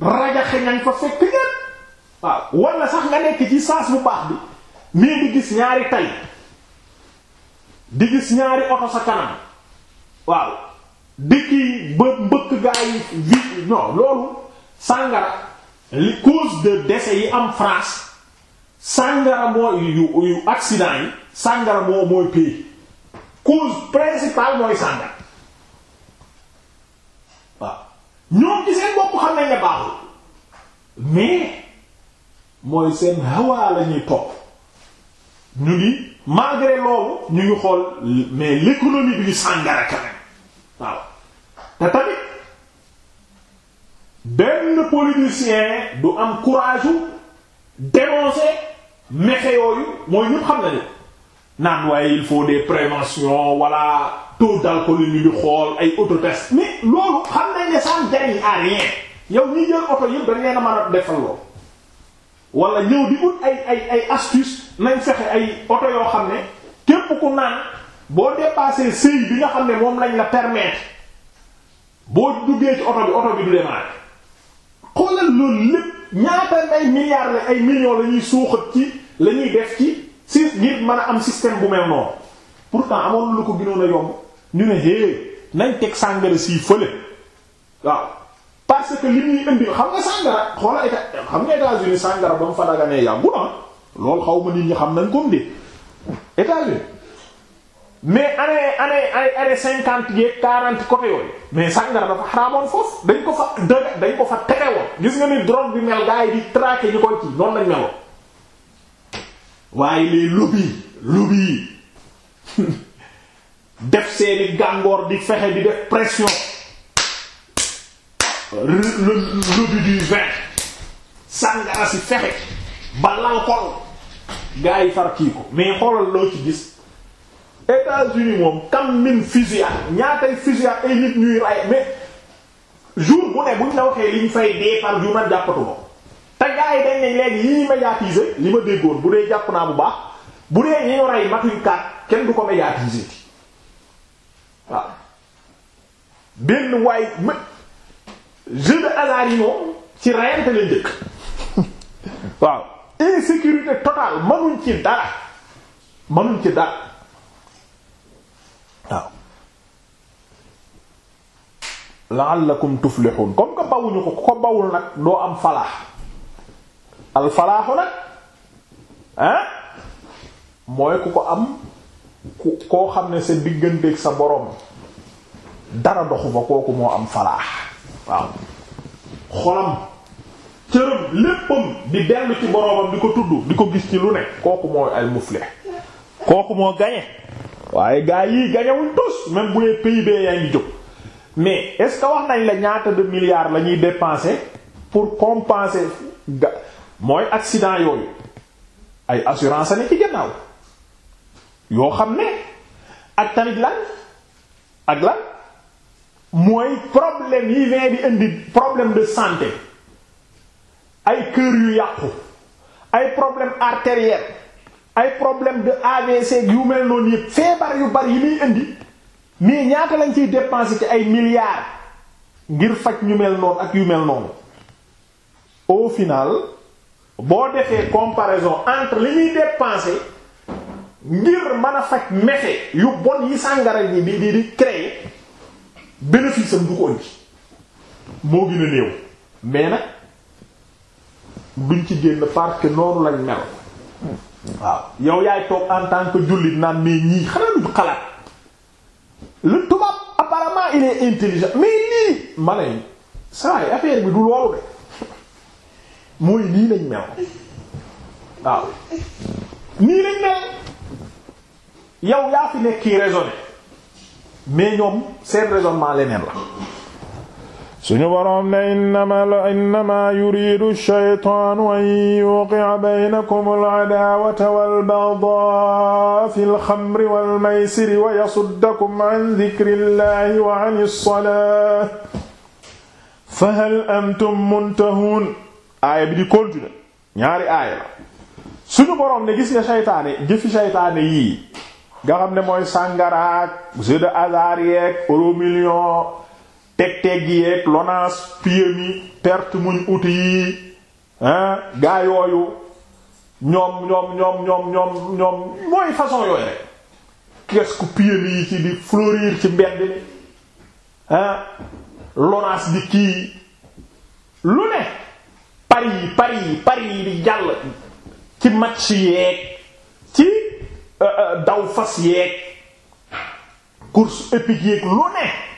rajaxe nañ fa fekk ñépp waaw walla sax nga nekk ci sens bu baax bi mais di gis ñaari tay di gis ñaari oto sa kanam waaw di kii ba mbëkk gaa yi vi non loolu sàngara li cause de décès yi am France sàngara mooy yu yu accident yi sàngara moo mooy pay cause principale mooy sàngara waaw ñoom ci seen xam nañ ne baaxul mais mooy seen hawaa la topp ñu ngi malgré loolu ñu ngi xool mais l'économie bi sàngara quand waaw te tamit benn politicien du am courage dénoncer mexe yooyu mooy ñun xam na ne naan waaye il faut des préventions wala taux d'alcoolémie bi xool ay autotest mais loolu xam nañ ne ça ne gagne à yow ñi jël oto yëpp dañ leen a a defal loolu wala ñëw di ut ay ay ay astuce nañ fexe ay oto yoo xam ne képp ku naan boo dépassé seuil bi nga xam ne moom lañ la permettre boo duggee ci oto bi oto bi du démarrer xoolal loolu lépp ñaata ay milliards la ay millions la ñuy suuxat ci la ñuy def ci si ngir mën a am système bu mel noonu pourtant amoon lu ko gënoon a yomb ñu ne hé nañ teg sàngara sii fële waaw parce que li ñuy indi xam nga sàngara xoola état xam nga États-Unis sàngara ba mu fa daganee yàggu na ah. loolu xaw ma nit ñi xam nañ ko mu États-Unis mais année année ay année cinquante yeeg quarante côté yooyu mais sàngara dafa xaraamoon foofu dañ ko fa dañ ko fa tere woon gis nga ni drogue bi mel gars yi di traqué ñu koy ci noonu lañ meloon waaye les lobbies lobbies yi [LAUGHS] def seeni gàngoor di fexe di def pression lobby du vin sàngara si fexe ba lankol gars yi far kii ko mais xoolal loo ci gis États-Unis moom kam min fusillade ñaatay fusillade ay nit ñuy ray mais jour bu ne buñ la waxee liñ fay dee par jour jàppatu ma te gars yi dañ ne léegi yi ñuy médiatiser li ma déggoon bu dee jàpp naa bu baax bu dee ñi ñu rey matuñ kenn du ko médiatiser waaw benn waay ma jeu de hasard yi moom ci reyante la njëkk [LAUGHS] waaw insécurité totale mënuñ ci dara mënuñ ci dara la'allakum tuflihun comme que bawuñu ko ko bawul nag doo am falaax al falaaxu nag ah mooy ku ko am ku koo xam ne sa digganteeg sa boroom dara doxu kooku moo am falaax waaw xolam cëram léppam di dellu ci boromam di ko tudd di ko gis ci lu ne kooku mooy al muflih kooku moo gañe waaye gaa yii gañewuñ tos même bu dee PIB yaa ngi jóg. mais est ce que wax nañ la ñaata de milliards la ñuy dépenser pour compenser ga mooy accident yooyu ay assurance ne ci gannaaw yoo xam ne ak tamit lan ak lan mooy problème yi vee di indi problème de santé ay kër yu yàqu ay problème artériel ay problème de AVC yu mel noonu yëpp feebar yu bari yi muy indi mais ñaata lañ ciy dépenser ci ay milliards ngir faj ñu mel ak yu mel noonu au final boo defee comparaison entre li ñuy dépenser ngir mën a faj méfait yu bon yi sàngara yi di di di créer bénéfice du ko indi moo gën a néew mais nag duñ ci génn parce que noonu lañ mel waaw yow yaay toog en tant que jullit naan mais ñii xanaa duñ xalaat. le tubaab apparemment il intelligent mais lii ma saa yi affaire bi du loolu de mooy nii lañ mel waaw nii lañ mel yow yaa fi nekk kii raisonné mais ñoom seen raisonnement leneen la suñu boroom ne innama yuridu shaytaanu an yuqi'a baynakum al-'adaawata wal-baghdaa'a fil xamri wal-maysiri wa 'an dhikrillaahi wa 'ani s-salaati fahal antum muntahuun aaya bi di continuer ñaari aaya la suñu boroom ne gis nga seytaane jëfi seytaane yii ne mooy sàngaraak jeu de hasard yeek teg teggi yeeg lonaas PMI perte muñ uti yi gaa yooyu ñoom ñoom ñoom ñoom ñoom mooy façon yooyu rek qu'est-ce yi ci di fleurir ci mbedd mi lonaas di kii lu ne paris yi paris yi paris yi di jàll ci match yeeg ci euh, euh, daw fas yeeg course épique yeeg lu ne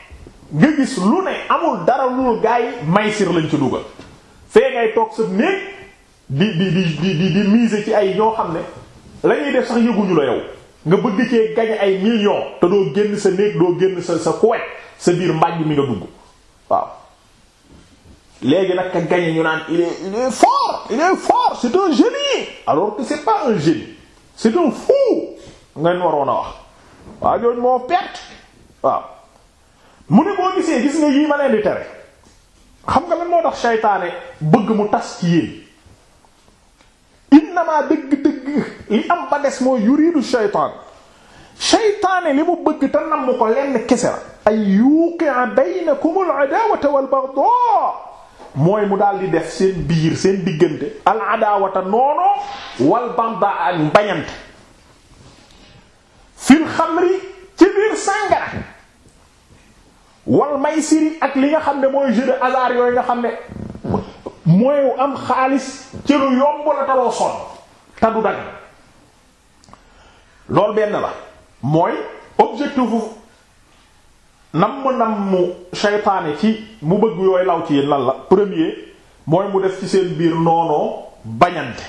nga gis lu ne amul dara lu gaa yi maysir lañ ci dugal fee ngay toog sa néeg di di di di di miser ci ay ñoo xam ne la def sax yëguñu la yow nga bëgg cee gañe ay millions te doo génn sa néeg doo génn sa sa kuwet sa biir mbàjj mi nga dugg waaw léegi nag ka gañe ñu naan il est il est fort il est fort c'est un génie alors que c'est pas un génie c'est un fou ngeen waroon a wax waa jooju moo perte waaw mu ne boo gisee gis nga yii ma leen di tere xam nga lan moo tax seytaane bëgg mu tas ci yéen innama dëgg-dëgg li am ba des mooy yuridu seytaan seytaane li mu bëgg te namm ko lenn kese la ay yuqi'a baynakumul adaawata wal baghdhaa mooy mu daal di def seen biir seen diggante al adaawata noonoo wal banda ak mbañante fil xamri ci biir sàngara wal may siri ak li nga xam ne mooy jeu de yooyu nga xam ne mooy am xaalis ci lu yomb la taloo sonn te dagg loolu benn la mooy objectifu namm namm seytaane ci mu bëgg yooyu law ci yéen lan la premier mooy mu def ci seen biir noonoo bañante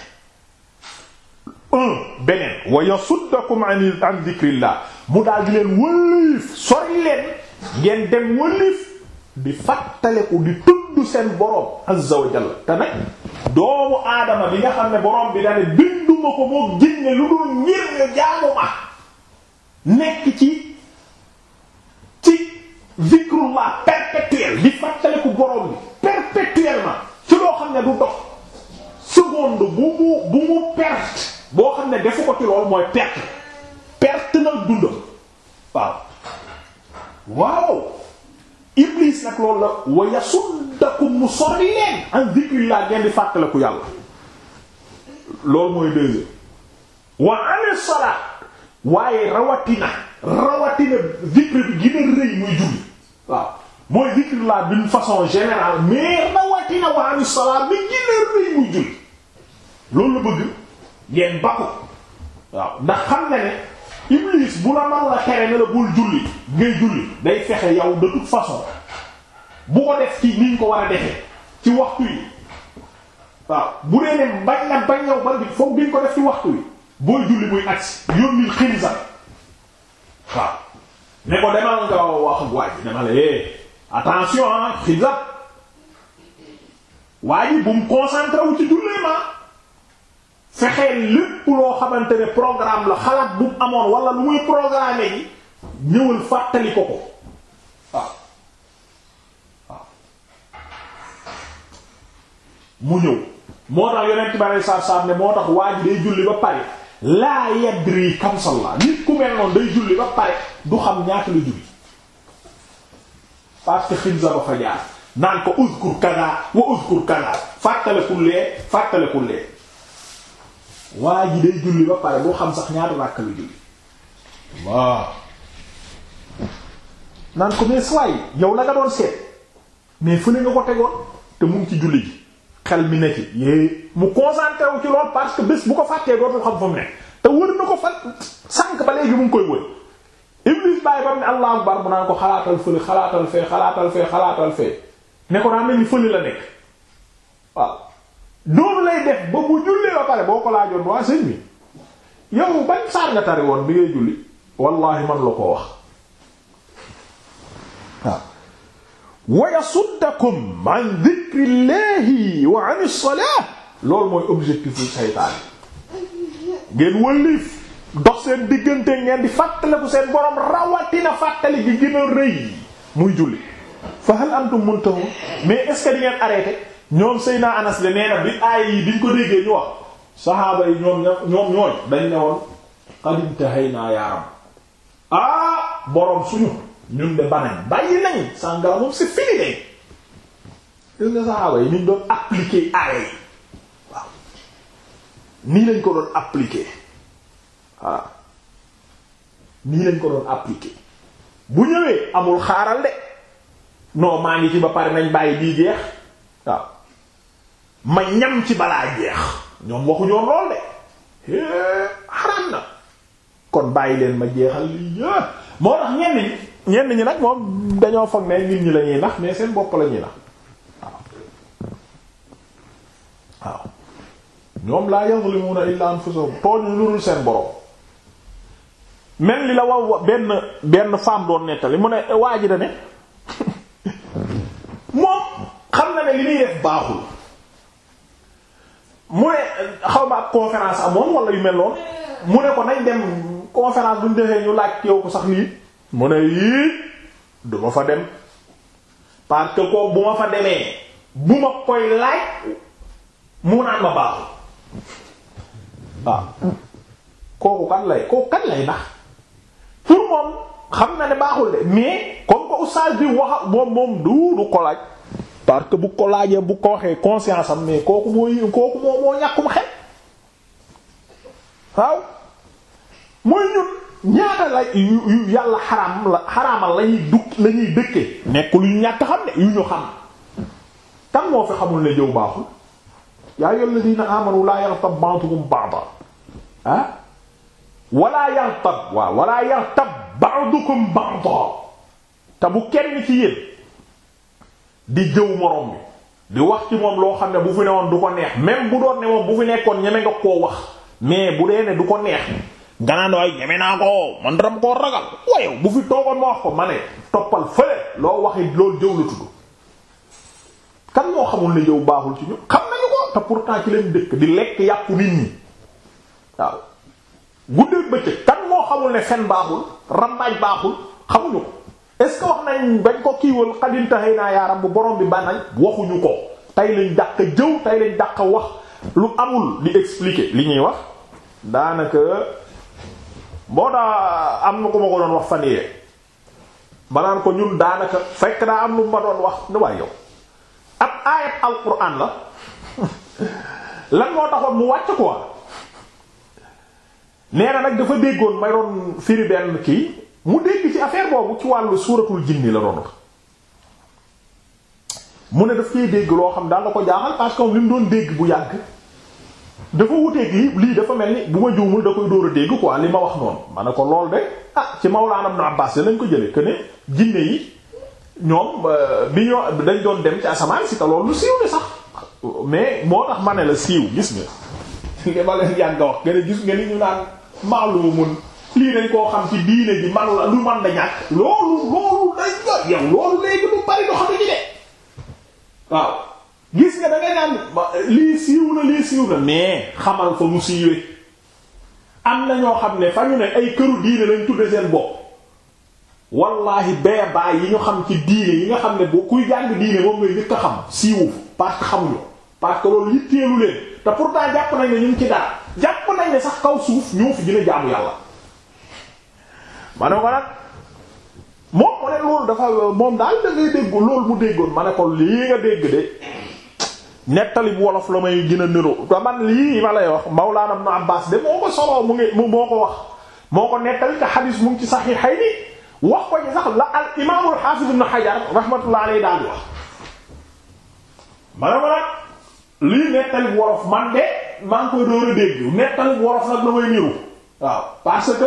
un beneen wa yasuddakum an an dhikrillah mu daal di leen wëliif sori leen ngeen dem wëlif di fàttaleku di tudd seen borom azza wa jalla te nag doomu aadama bi nga xam ne borom bi dane binduma ko moo génne lu dul ngir nga jaamu ma nekk ci ci zikrullah perpétuel di fàttaleku borom bi perpétuellement ci loo xam ne du dox seconde bu mu bu mu perte boo xam ne defu ko ci mooy perte perte na dundam waaw waaw Iblis nag loolu la wa yasuddakum mu sori leen an dhikrillah ngeen di fàttaliku yàlla loolu mooy deuxième wa an as waaye rawatina rawatina dhikr bi gën rëy muy julli waaw mooy dhikrillah d'une façon générale mais rawatina wa an as bi gën rëy muy julli loolu la bëgg ngeen ba waaw ndax xam na ne Iblis bu la man la xere ne la bul julli ngay julli day fexe yow da toute façon bu ko def ci niñ ko war a ci waxtu yi waaw bu dee ne bañ na bañ yow ba nga wax ak waaj bi dama la eh attention ah xinzar waa bu mu concentré wu ci julli ma fexeel lépp loo xamante ne programme la xalaat bu muy programme yi ñëwal fàttali ko ko waaw waaw mu ñëw moo tax yonent bi alei saatu salaam ne moo tax waa ji day julli ba pare laa yadri kam salla nit ku mel noonu day julli ba pare du xam ñaata la julli parce ba fa jaar naan ko uzkur kaza wa uzkur kaza fàttalekul lee fàttalekul lee waa ji day julli ba pare boo xam sax ñaata ràkk la julli waaw naan ko mais sawaay yow la nga doon seet mais fële nga ko tegoon te mu ci julli ji xel mi ne ci yée mu concentré wu ci lool parce que bés bu ko fàttee dootul xam fa mu ne te wër na ko fa sànq ba léegi mu ngi koy wër iblis bàyyi ba mu ne allahu akbar mu naan ko xalaatal fële xalaatal fee xalaatal fee xalaatal fee ne ko daa mel ni fële la nekk waaw noonu lay def ba mu julli ba pare boo ko laajoon waa sëñ bi yow bañ saar nga tari woon bi ngay julli wallahi man la koo wax waaw wa yasuddakum an dhikrillahi wa an as mooy objectif yu seytaane ngeen wëlliif dox seen diggante ngeen di fàttaliku seen borom rawatina fàttali gi gën a rëy muy julli fa hal antum muntahun mais est di ngeen arrêté ñoom Seydina Anas le nee bi aaya yi biñ ko déggee ñu wax saxaaba yi ñoom ñoom ñooy dañ ne woon qad intahayna ya rab ah boroom suñu ñun de banañ bàyyi nañ sàngara moom c'est fini de gis doon appliquer aaya yi nii lañ ko doon appliquer ah. nii lañ ko doon appliquer bu ñëwee amul xaaral de non maa ngi ci ba pare nañ bàyyi bii jeex waaw ma ñam ci balaa jeex ñoom waxuñoon lool de xaraam na kon bàyyi leen ma jeexal moo tax ñenn ñi ñenn ñi nag moom dañoo foog ne nit ñi la ñuy nax mais seen bopp la ñuy nax waaw ñoom laa yazlimuna illa anfusahum tooñu lurul seen li la wax benn benn ji da ne [LAUGHS] moom xam na ne li muy def baaxul. mu ne xaw ma ab conférence amoon wala yu mel noonu mu ne ko nañ dem conférence bu ñu defee ñu laaj yow ko sax lii mu ne yii du ma fa dem parce que demee bu ma koy laaj mu kooku kan lay kooku kan lay ndax pour moom xam na ne baaxul de mais comme ko oustaz bi wax moom moom du du ko parce que bu ko laajee bu ko waxee conscience am mais kooku mooy kooku moo moo ñàkkum xel waaw mooy ñun ñaata la yu yàlla xaraam la xaraamal lañuy dukk lañuy dëkkee nekk lu ñu ñàkk xam ne yu ñu xam tam moo fi xamul ne jëw baaxul yaa ayyuhal ladina amanu laa yartab ba'dukum ba'dan te bu kenn ci yéen di jëw morom bi di wax ci moom loo xam ne bu fi newoon du ko neex même bu doon ne moom bu fi nekkoon ñeme nga koo wax mais bu dee ne du ko neex nga naan waaye ñeme naa ko man dama koo ragal waaye bu fi toogoon ma wax ko ma ne toppal fële loo waxi loolu jëw la tudd kan moo xamul ne jëw baaxul ci ñu xam nañu ko te pourtant ci leen dëkk di lekk yàqu nit ñi waaw guddee bëccëg kan moo xamul ne fen baaxul rambaaj baaxul xamuñu ko est-ce que wax nañ bañ ko kiiwal xadim taxay naa yaaram bu borom bi banañ waxuñu ko tey lañ dàq jëw tey lañ dàq wax lu amul di expliquer li ñuy wax daanaka boo daa am na ko ma ko doon wax fan yee banaan ko ñun daanaka fekk daa am lu ma doon wax ni waay yow ab aayat alquran la [LAUGHS] lan moo taxoon mu wàcc quoi nee na nag dafa déggoon may doon firi kii mu dégg ci affaire boobu ci wàllu suuratul jinni la doon la mu ne daf koy dégg loo xam daal la ko jaaxal parce que li mu doon dégg bu yàgg dafa wuteeg lii lii dafa mel ni bu ma juumul da koy dóor a dégg quoi li ma wax noonu ma ne ko lool de ah ci Mawlaana Ibn Abbaas lañ ko jële que ne yi ñoom euh, bi ñoo dañ doon dem ci asamaan si te loolu siiw ne sax mais moo tax ma ne la siiw gis nga [LAUGHS] li ma leen yàgg wax nga ne gis nga li ñu naan maalumun lii dañ koo xam ci diine bi man la lu man na ñàkk loolu loolu dañ ko loolu léegi bu bari doo xam ci de waaw gis nga da ngay naan lii siiw na lii siiw na mais xamal fa mu siiwee am na ñoo xam ne fa ñu ne ay këru diine lañ tudde seen bopp wallahi beebaay yi ñu xam ci diine yi nga xam ne boo kuy jàng diine moom ngay njëkk a xam siiwu parce que xamuñu parce que loolu yitteelu leen te pourtant jàpp nañ ne ñu ci dara jàpp nañ ne sax kaw suuf ñoo fi gën a ma ne ko nag moom mu ne loolu dafa moom daal da ngay loolu mu déggoon ma ko lii nga dégg de nettali wolof la may gën a niroo lii ma lay wax Mawlaana Ibn Abbaas de moo ko soloo mu ngi moo ko wax moo ko nettali te xadiis mu ngi ci Saxiixayni wax ko ci sax la al imaamul Xaafis Ibn Hajar rahmatullahi alayhi daal di wax ma ne nag lii nettali wolof man de maa ngi koy door a dégg nettali wolof nag la may niru waaw parce que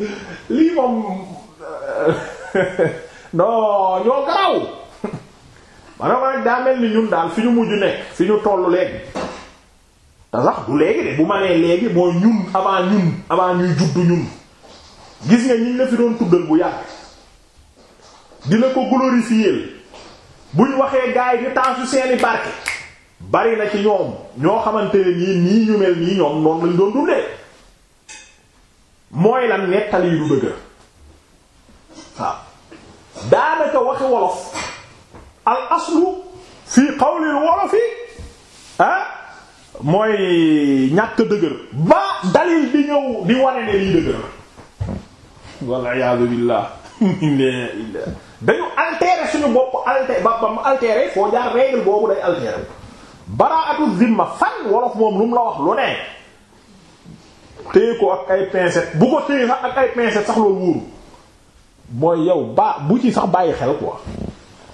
[LAUGHS] lii moom euh, [LAUGHS] non ñoo garaw [LAUGHS] maanaam rek daa mel ni ñun daal fi ñu mujj nekk fi ñu tollu léegi te sax léegi de bu ma nee ñuy juddu ñun gis nga ñi la fi doon tuddal bu yàgg dina la ko glorifier buñ waxee gaay di taasu seeni barke bari na ci ñoom ñoo xamante ne nii nii ñu mel nii ñoom noonu lañ doon dundee. mooy lan nettali yi du dëgër waaw daanaka waxi wolof al aslu fi qawlil wolof yi ah, mooy ñàkk dëgër ba dalil bi ñëw di wane ne lii dëgër wal iyaadu billah [LAUGHS] dañu altérer suñu bopp altérer ba ba mu altérer foo jaar règle boobu day altérer baraatu zimma fan wolof moom lu mu la wax lu ne téye ko ak ay pincette bu ko téye sax ak ay pincette sax loolu wóoru mooy yow ba bu ci sax bàyyi xel ko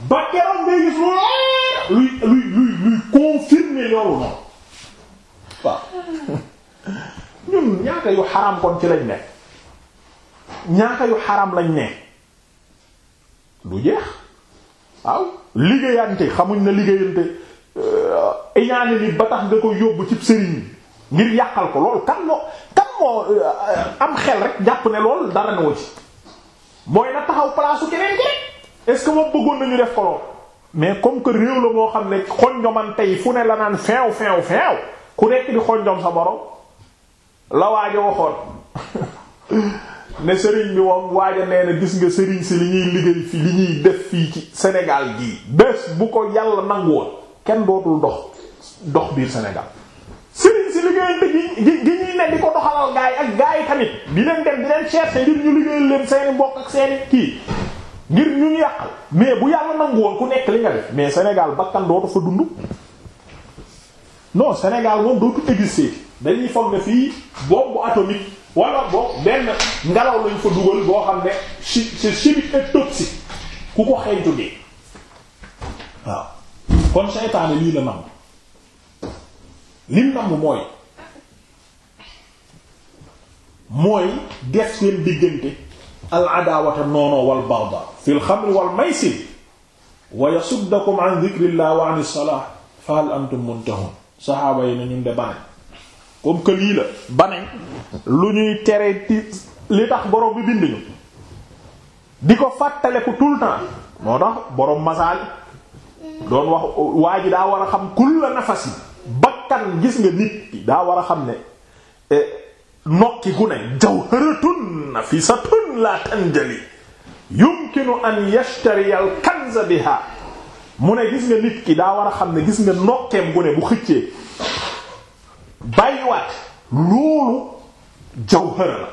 ba keroog ngay gis luy luy luy luy confirmer loolu noonu [LAUGHS] ñun ñaata yu xaram kon ci lañ ne ñaata yu xaram lañ ne du jeex waaw liggéeyante xamuñ na liggéeyante euh, iñaane nit ba tax nga ko yóbbu ci sëriñ ngir yàqal ko loolu kan moo kan moo euh, am xel rek jàpp ne loolu dara ne ci mooy na taxaw place su keneen rek est-ce que moom bëggoon nañu def ko lool mais comme que réew la moo xam ne xonjomam tey fu ne la naan feew feew feew ku nekk di xonjom sa borom la waaja waxoon [LAUGHS] ne sëriñ bi moom waaja nee na gis nga sëriñ si li ñuy liggéey fi li ñuy def fii ci senegal gi bés bu ko yàlla nangu woon kenn dootul dox dox biir Sénégal liggéeyante gi gi ñuy ne di ko doxalal gaa yi ak gaa yi tamit di leen dem di leen chercher ngir ñu liggéeyal leen seeni mbokk ak seeni kii ngir ñu yàqal mais bu yàlla nangu woon ku nekk li nga def mais Sénégal bakkan dootu fa dund non Sénégal moom dootu exister dañuy foog ne fii bombe atomique wala boo benn ngelaw lañ fa dugal boo xam ne c'est chimique et toxique ku ko xeeñtu dee waaw kon seytaane lii la nam lim nam mooy mooy def seen diggante al adaawata noonoo wal bagda fil xamri wal maysir wa yasuddakum an dhikrillah wa an as-salah fa hal antum muntahun saxaaba yi ne ñun banañ comme que lii la banañ lu ñuy tere ti li tax borom bi bind ñu di ko fàttaleku tout le temps moo tax borom masaal doon wax waa ji daa war a xam kulla nafasi bakkan gis nga nit ki daa war a xam ne eh, nokki gu ne jawharatun nafisatun la tanjali yumkinu an yashtariya al kanza biha mu ne gis nga nit ki daa war a xam ne gis nga nokkeem gu ne bu xëccee bàyyiwaat loolu jawhara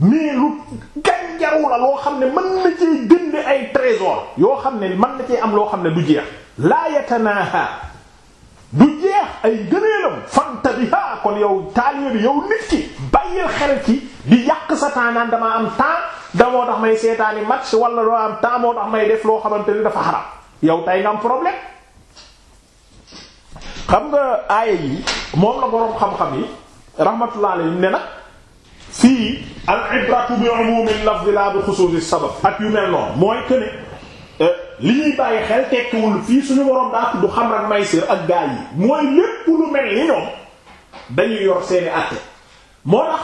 la lu gànjaru loo xam ne mën na cee jënd ay trésor yoo xam ne man na cee am loo xam ne du jeex la yatanaha du jeex ay gëneelam fanta bi haa kon yow taalibe bi yow nit ki bàyyil xel ci di yàq sa temps naan damaa am temps damoo tax may seetaani match wala doo am temps moo tax may def loo xamante ni dafa xaram yow tey nga am problème. xam nga aaya yi moom la boroom xam-xam yi rahmatullah alayhim ne nag fii al ibratu bi umumil lafzi la bi xusuusi sabab yu mel noonu mooy que li ñuy bàyyi xel tekkiwul fii suñu borom daa tudd xam ak maysir ak gaa yi mooy lépp lu mel ni ñoom dañuy yor seeni àtte moo tax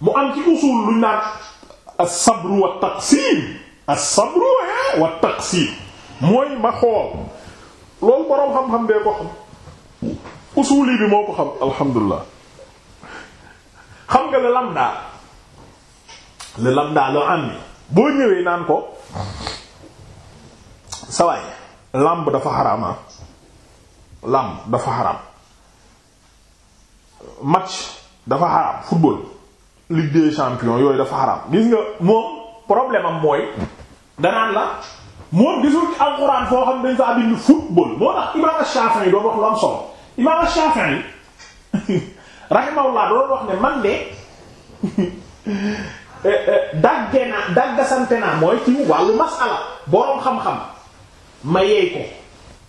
mu am ci usul lu naan as-sabru wa taqsim as-sabru wa taqsim mooy ma xool loolu boroom xam-xam bee ko xam usuli bi moo ko xam alhamdulilah xam nga le lamda le am ni boo ñëwee naan ko sawaay làmb dafa xaraama ah. làmb dafa xaraam match dafa xaraam football ligue des champions yooyu dafa xaraam gis nga moom problème am mooy danaan la moom gisul ci alxuraan foo xam dañ fa bind football moo tax imaam Shafi'i yi doon wax lu am solo imaam Shafi'i yi [LAUGHS] rahimahullah doon wax ne man de [LAUGHS] eh, eh, dagge naa daggasante naa mooy ci wàllu masala boroom xam-xam ma yeey ko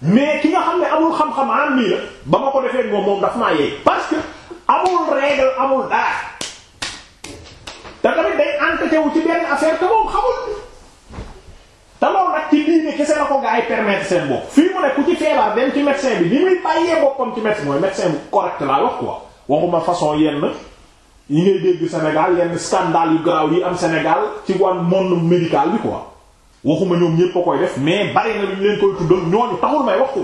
mais ki nga xam ne amul xam-xam am nii la ba ma ko defee moom moom daf maa yeey parce que amul règle amul dara te tamit day entêté wu ci benn affaire te moom xamul te loolu nag ci diine kese la ko nga ay permettre seen bopp fii mu ne ku ci feebar dem ci médecin bi li muy bàyyee boppam ci médecin mooy médecin bu correct laa wax quoi waxuma façon yenn yi ngay dégg Sénégal yenn scandale yu garaaw yi am Sénégal ci wàllu monde médical bi quoi waxuma ñoom ñépp a koy def mais bari na luñ leen koy tuddal ñooñu taxul may wax quoi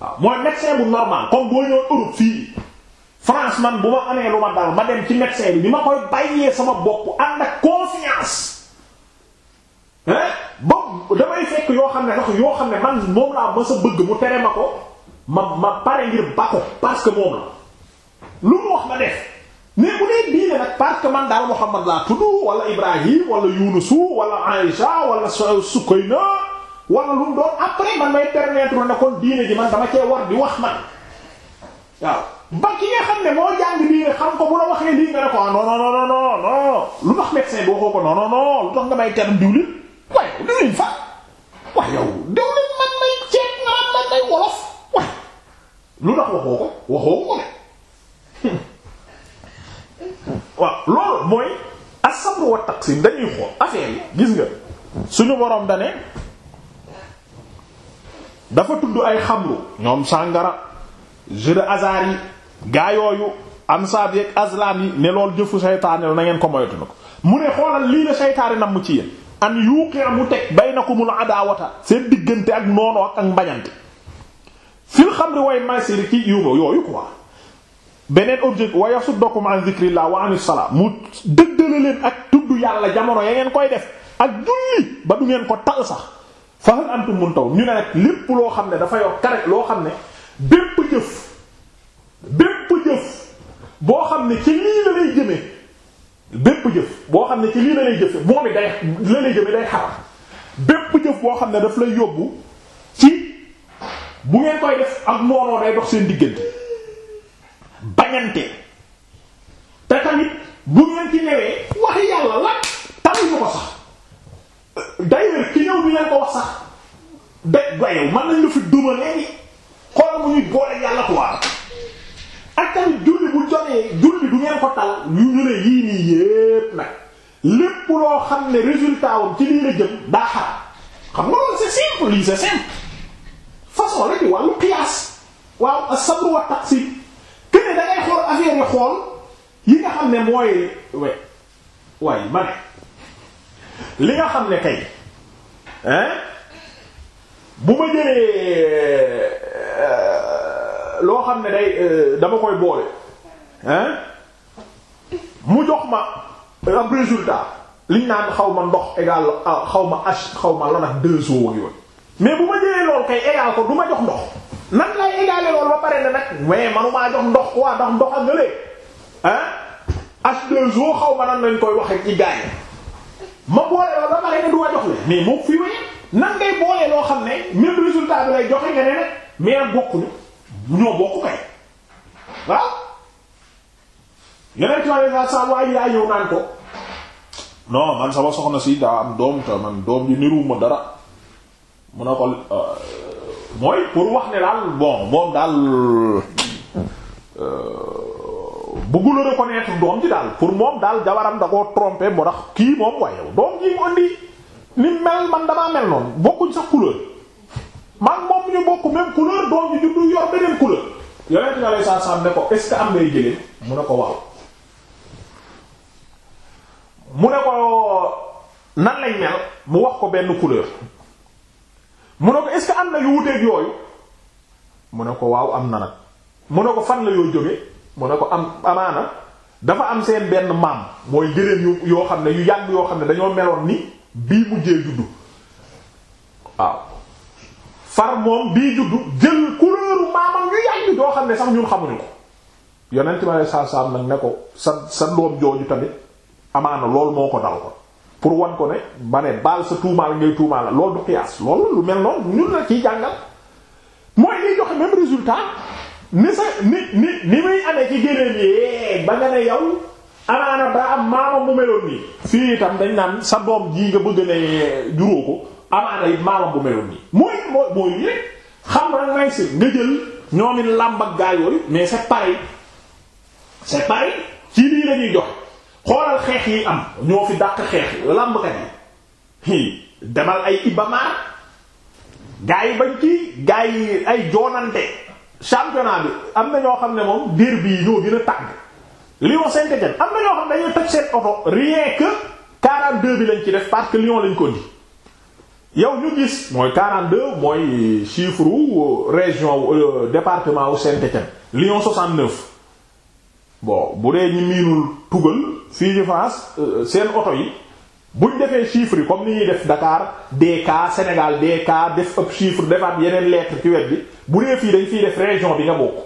waaw mooy médecin bu normal comme boo ñëw Europe fii France man bu ma amee lu ma dal ma dem ci médecin bi ni ma koy bàyyee sama bokk ànd ak confiance hein ba damay fekk yoo xam ne sax yoo xam ne man moom laa ma sa bëgg mu tere ma ko ma ma pare ngir ba ko parce que moom la lu mu wax ma def mais bu dee diine nag parce que man daal Muhammad laa tudd wala Ibrahim wala Yunusu wala Aïcha wala Sukayna wala lu mu après man may permettre ne kon diine ji man dama cee wax man waaw xam ne moo jàng ah, waxoo ko non non non lu tax nga may teram diwlin waaye diwlin fa waaye man may ceeb nga man may wolof waaye lu tax waxoo ko waxoo ko de. [LAUGHS] waaw loolu mooy as-sabr wa taqsim dañuy xool affaire yi gis nga suñu borom dane dafa tudd ay xamru ñoom sàngara jeu de yi gaa yooyu ansaab yeeg azlam yi ne loolu jëfu seytaane nangeen ko moytu na ko mu ne xoolal lii la seytaane nam mu ci yéen an yuuqi mu teg baynakumul adaawata seen diggante ak noonu ak ak mbañante fil xamri way maasiri ci yuma yooyu quoi beneen objet wa su an dhikrillah wa anis salaa mu dëddale leen ak tudd yàlla jamono ya ngeen koy def ak julli ba du ngeen ko tal sax fa hal antum muntaw ñu ne nag lépp loo xam ne dafa yor kare loo xam ne bépp jëf boo xam ne ci lii la lay boo xam ne ci lii la lay jëfe moom it day la lay jëmee day xaram bépp jëf boo xam ne daf lay yóbbu ci bu ngeen koy def ak noonoo day dox seen diggante bañante te tamit bu ngeen ci ñëwee waxi yàlla la tamit ñu ko sax d'ailleurs ki ñëw bi ko wax sax daj bayow mën nañ la fi duma léegi xool mu ñuy boole yàlla tuwaar ak tamit julli bu jonee julli du ngeen ko tal yu ñu ne yii nii yépp nag lépp loo xam ne résultat wam ci lii la jëm daa xar xam nga loolu simple lii c'est simple façon la di wàllu qiyaas waaw as-sabr wa taqsim que ne dangay xool affaire yi xool yi nga xam ne mooy we waaye li nga xam ne kay hein bu ma jëlee euh, loo xam ne day euh, dama koy boole hein mu jox ma am résultat liñ naan xaw ma ndox égal ah, xaw ma h xaw ma lan ak deux eaux ak yooyu mais bu ma jëlee lool kay égal ko du ma jox ndox nan lay égaler loolu ba pare ne nag mais manumaa jox ndox waa ndax ndox a ngëlee ah H2O xaw ma nan lañ koy waxee ci gars yi ma boole loolu ba pare ne du ma jox la mais moom fii wéyee nan ngay boolee loo xam ne même résultat bi lay joxe nga ne nag mais bokkuñu ñoo bokk kay waaw. yeneen ci wàllu naa saa waaye yaa ñëw naan ko non man sama soxna si daa am doom te man doom bi niruwuma dara mun na ko. Euh, mooy pour wax ne daal bon moom daal euh, bëggu la reconnaître doom ji daal pour moom daal jabaram da koo tromper moo tax kii moom waaye doom ji mu indi ni mel man damaa mel noonu bokkuñ sax couleur man moom ñu bokk même couleur doom ji juddu yor beneen couleur. yonent ne ko est-ce que mu ne ko nan lañ mel mu wax ko benn couleur. mu ne ko est am na yu wuteeg yooyu mu ne ko waaw am na nag mu ne ko fan la yoo jóge mu ne ko am amaana dafa am seen benn maam mooy gëléem yu yoo xam ne yu yàgg yoo xam ne dañoo meloon ni bii mujjee juddu waaw far moom bii juddu jël xam ne sax ñun xamuñ ko yonent ma ne saab saab nag ne ko sa sa doom jooju tamit amaana loolu moo ko dal ko pour wan ko ne ba ne baal sa tuumaal ngay tuumaal loolu du xiyaas loolu lu mel noonu ñun la ciy jàngal mooy liy joxe même résultat ni sa ni ni ni muy amee ci géneen yee ba nga ne yow amaana daa am maama bu meloon nii fii itam dañ naan sa doom jii nga bëgg ne juróo ko amaana it maama bu meloon nii mooy mooy lii rek xam rek may nga jël ñoom it làmb ak gaa yooyu mais c'est pareil c'est pareil ci lii lañuy joxe xoolal xeex yi am ñoo fi dàq xeex yi làmbkat yi demal ay ibamaar gaa yi bañ kii gaa ay joonante championnat bi am na ñoo xam ne moom derby yi ñoo gën a tàng Lyon Saint-Étienne am na ñoo xam ne dañuy toj seen oto rien que 42 bi lañ ci def parce que Lyon lañ ko di yow ñu gis mooy 42 mooy chiffre wu euh, région euh, département wu Saint-Étienne Lyon 69 bon bu dee ñi miinul tugal fii ci France euh, seen oto yi buñ defee chiffres yi comme ni ñuy def dakaar Dakar DK Sénégal DK def ab chiffre defaat yeneen lettre ci wet bi bu dee fii dañ fiy def région bi nga bokk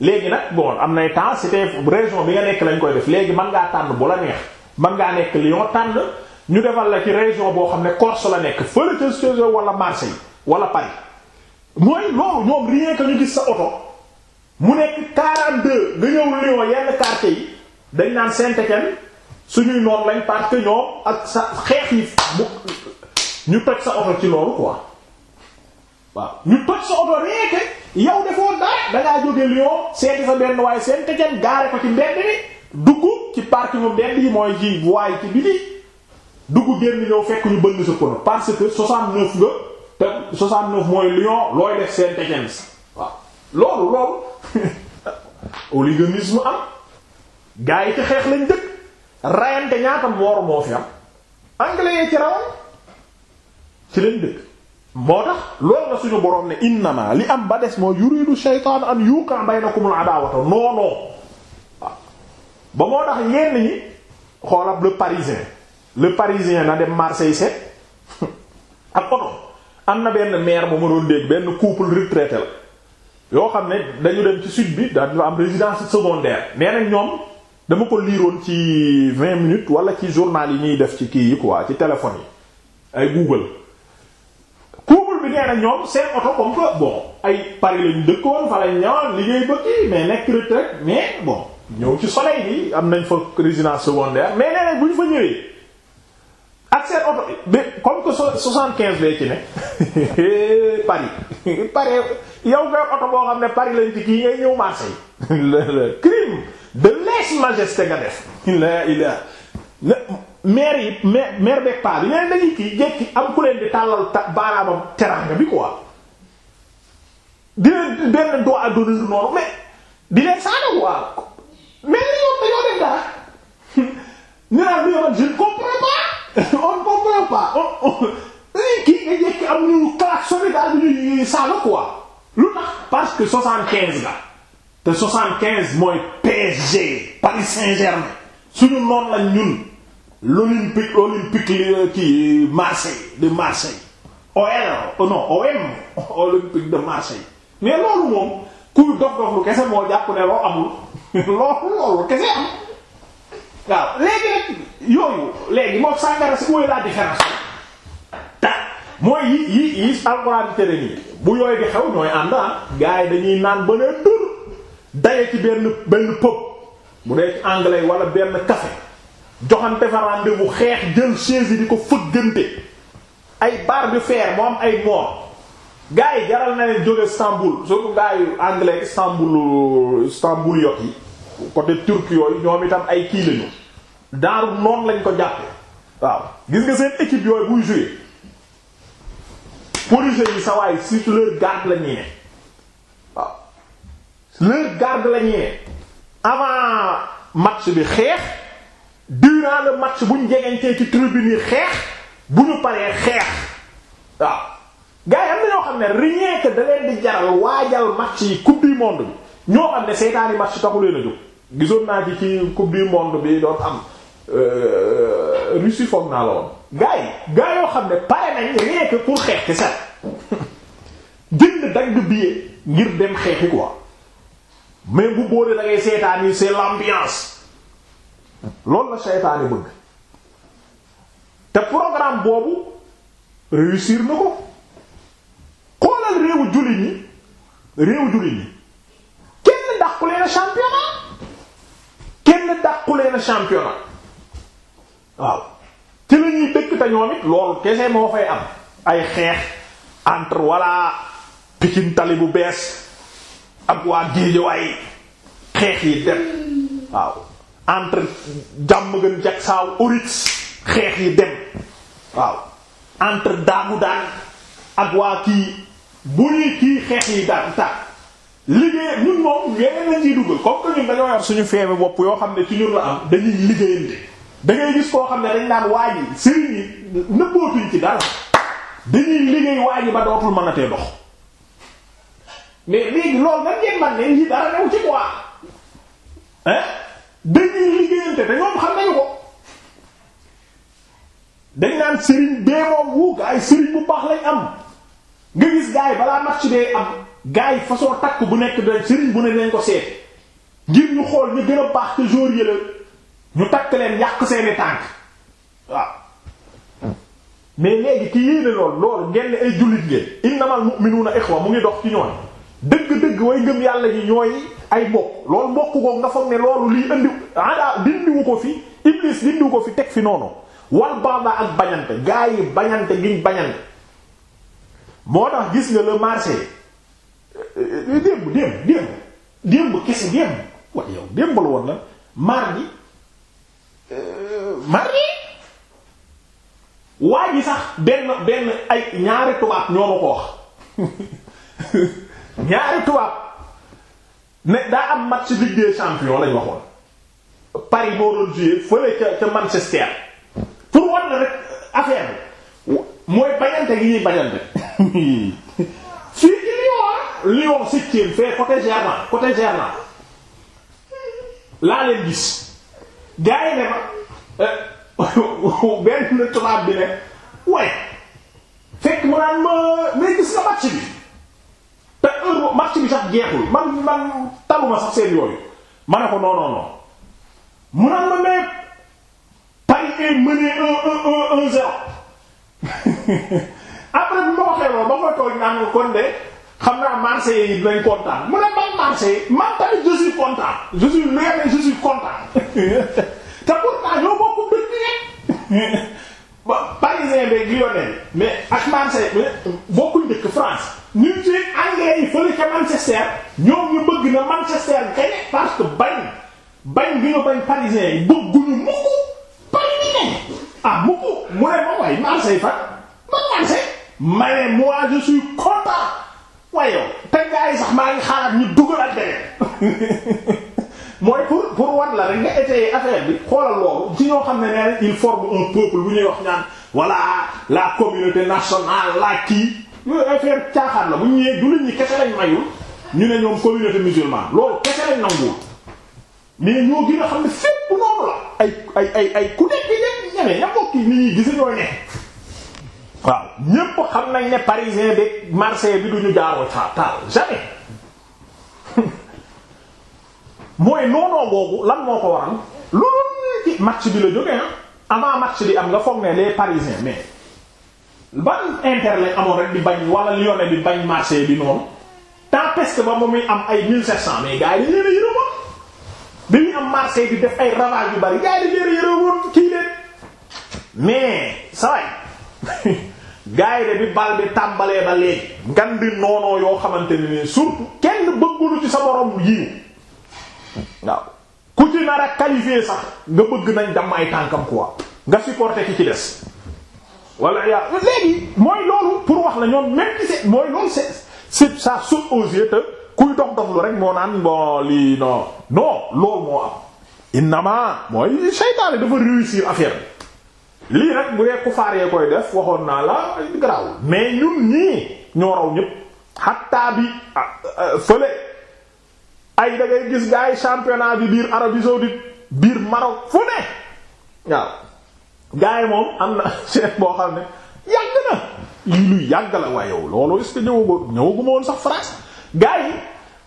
léegi nag bon am nay temps c'était région bi nga nekk lañ koy def léegi man ngaa tànn bu la neex man ngaa nekk lion tànn ñu defal la ci région boo xam ne Corse la nekk fële ca Sénégal wala Marseille wala Paris mooy loolu ñoom rien que ñu gis sa oto mu nekk 42 nga ñëw Lyon yi. dañ naan Saint-Étienne suñuy noon lañ parce que ak sa xeex yi ñu toj sa oto ci loolu quoi waaw ñu toj sa oto rekk yow defoo dara dangaa jóge Lyon seeti sa benn waaye Saint-Étienne gaare ko ci mbedd mi dugg ci parking mbedd yi mooy ci voie ci biti dugg génn ñëw fekk ñu bënn sa pono parce que 69 nga te 69 mooy Lyon looy def Saint-Étienne waaw loolu loolu hooliganisme [LAUGHS] am gaa yi ci xeex lañ dëkk rayante ñaata moor moo fi am anglais yi ci rawan ci lañ dëkk moo tax loolu la suñu boroom ne innama li am ba des moo yuridu shaytaan an yuqa baynakumul adawata noonoo waaw ba moo tax yenn ñi xoolab le parisien le parisien na dem Marseille set [LAUGHS] ak oto am na benn maire bu ma doon dégg benn couple retraité la yoo xam ne dañu dem ci sud bi dañu am résidence secondaire nee nañ ñoom dama ko liiroon ci vingt minutes wala ci journal yi ñuy def ci kii yi waa ci téléphone yi ay Google. Google bi nee na ñoom seen oto comme que bon ay Paris lañ dëkkoon fa lañ ñëwaat liggéey ba kii mais nekk retraite mais bon ñëw ci soleil bi am nañ fa résidence secondaire mais nee bu ñu fa ñëwee. ak seen oto bi comme que soixante quinze lay ci ne [LAUGHS] Paris [LAUGHS] Paris yow nga oto boo xam ne Paris lañ ci kii ngay ñëw Marseille [LAUGHS] crime de lèse majesté nga def la ilaha maire yi maire maire beeg paa bi mais dañuy kii jekki am ku leen di tàllal baaraamam teraanga bi quoi di leen benn doigt d'honneur noonu mais di leen saana quoi mais yow dañoo def dara [LAUGHS] ñu naan lu yow je ne comprends pas [LAUGHS] on ne comprend pas on kii nga jekki am ñu klaxonné daal di ñuy saana quoi lu tax parce que soixante-quinze la. te soixante-quinze mooy PSG Paris Saint-Germain suñu noonu lañ ñun l'Olympique Olympique euh, ki Marseille de Marseille OL euh, non OM [LAUGHS] Olympique de Marseille mais loolu moom kuy dox dox lu kese moo jàpp ne loo amul [LAUGHS] loolu loolu kese am waaw léegi rek yooyu léegi moo sàngara si mooy la différence ta mooy yi yi yi alxuraan tere nii bu yooyu di xew ñooy ànd ah yi dañuy naan ba ne daye ci benn benn pub bu dee anglais wala benn café joxante fa rendez xeex jël chaise yi di ko fëggante ay barre de fer moo ay moor gars yi na leen jóge Istanbul surtout gars yu anglais Istanbul Istanbul yot yi côté turc yooyu ñoom itam ay kii lañu daaru noonu lañ ko jàppe waaw gis nga seen équipe yooyu buy jouer police yi sawaay sur leur garde la ñuy ne leur garde la ñee avant match bi xeex durant le match buñ jegantee ci tribune yi xeex bu ñu paree xeex waaw gars yi am ñoo xam ne rien que da leen di jaral waajal match yi coupe du monde bi ñoo xam ne seytaani match taxu leen a jóg gisoon naa ci ci coupe du monde bi doon am euh, Russie foog naa la woon gars yi gars yoo xam ne pare nañ rien que pour xeex te sax [LAUGHS] jënd dagg billet ngir dem xeexi quoi mais bu boolee da ngay seetaan yi c'est l'ambiance loolu la seytaane bëgg te programme boobu réussir na ko xoolal réewu jullit ñi réewu jullit ñi kenn dàqulee na championnat kenn dàqulee na championnat waaw ci la ñuy dëkk te ñoom it loolu kese moo fay am ay xeex entre walla pikin tali bu bees ak waa géejawaay xeex yi dem waaw entre saaw orix xeex yi dem waaw entre daagu daan ak waa kii bu ñuy kii xeex yi daan tàkk liggéey ñun moom yeneen lañ ciy duggal comme que ñun dañoo suñu feebi bopp yoo xam ne ci ñun la am dañuy liggéeyante da ngay gis koo xam ne dañ daan waa ji sëriñ yi nëbbootuñ ci dara dañuy liggéey waa ji ba dootul mën a tee dox mais léegi loolu nag ngeen man ne yi dara new ci quoi hein dañuy liggéeyante te ñoom xam nañu ko dañ naan sëriñ bee moom wu gaa yi sëriñ bu baax lañ am nga gis gaa yi balaa match bee am gaa yi façon takk bu nekk da sëriñ bu ne nañ ko seet ngir ñu xool ñu gën a baax te jour yële ñu takk leen yàq seeni tànk waaw mais léegi ki yéene lool loolu ngeen ay jullit ngeen innamal mu'minuna ikhwa mu ngi dox ci ñoon dëgg-dëgg way ngëm yàlla yi ñooy ay mbokk loolu mbokk ko nga foog ne loolu lii indi ada dindiwu ko fi iblis dindiwu ko fi teg fi noonu wal banda ak bañante gaa yi bañante giñ bañante moo tax gis nga le marché eh, eh, démb démb démb démb kese démb waaw yow démb la woon la mardi eh, mardi waa ji sax benn benn ay ñaari tubaab ñoo ma ko wax [LAUGHS] ñaari tubaab ne daa am match Ligue des champions lañ waxoon Paris moo doon jouer fële ca Manchester pour wan la rek affaire bi mooy bañante gi ñuy bañante [LAUGHS] fii ci Lyon Lyon septième fee côté Germain côté Germain laa leen gis gars yi ne ma euh, [LAUGHS] benn tubaab bi ne waaye fekk mu naan ma mais gis nga match bi te heure match bi sax jeexul man man taluma sax seen yooyu ma ko non non non mu naan ma mais Paris est mené un un un [LAUGHS] bi ma ko xeeloo ba ma toog naan kon de xam naa Marseille yi dinañ kontaan mu ne man Marseille man tamit je suis content je [LAUGHS] [LAUGHS] mais ak Marseille bokkuñ dëkk France. ñu ci anglais yi fële ca Manchester ñoom ñu bëgg na Manchester gañe parce que bañ bañ bi ñu bañ parisien yi bëgguñu mukk Paris ah mukk mu ne ma waaye Marseille fan ma Marseille ma ne moi je suis content waaye yow te gars yi sax maa ngi xaaral ñu dugal ak beneen [LAUGHS] mooy pour pour wan la rek nga étayer affaire bi xoolal loolu ci ñoo xam ne nee il forme un peuple bu ñuy wax ñaan voilà la communauté nationale la kii yooyu affaire caaxaan la bu ñu ñëwee jullit ñi kese lañ mayul ñu ne ñoom communauté musulmane loolu kese lañ nanguwul mais ñoo gën a xam ne fépp noonu la ay ay ay ku nekk yi ñeme ña bokk ni ñuy gis ñooy ne waaw ñépp xam nañ ne parisien bi marseille bi duñu jaaroo ta taal jamais [LAUGHS] mooy noonoo boobu lan moo ko waral loolu ci match bi la jógee ah avant match bi am nga foog ne les parisiens mais ban internet lañ amoon rek di bañ wala Lyonnais bi bañ marché bi noonu tempeste ba ba muy am ay 1700 mais gars yi dañ leen a yërëmoon bi muy am marché bi def ay ravage yu bari gars yi dañ leen mais saa [LAUGHS] yi gars de bi bal bi tàmbalee ba léegi. ngan di noonoo yoo xamante ne nii surtout kenn bëggulu ci sa borom yiw waaw ku ci nar a qualifié sax nga bëgg nañ damm ay tànkam quoi nga supporter ki ci des. wala yaa léegi mooy loolu pour wax la ñoom même ci seen mooy loolu c'est c'est ça saute aux yeux te kuy dox dox lu rek moo naan bon lii non non loolu moo am. innama mooy seytaane dafa réussir affaire bi lii rek bu dee kufaar yee koy def waxoon naa la garaaw mais ñun ñii ñoo raw ñëpp xattaa bi ah, euh, fële ay da ngay gis gars yi championnat bi biir Arabie saoudite biir Maroc fu ne waaw. gaay moom am na [LAUGHS] chef boo xam ne yàgg na luy yàgg la waaye yow loolu est-ce que ñëwagoo ñëwaguma woon sax France gaay yi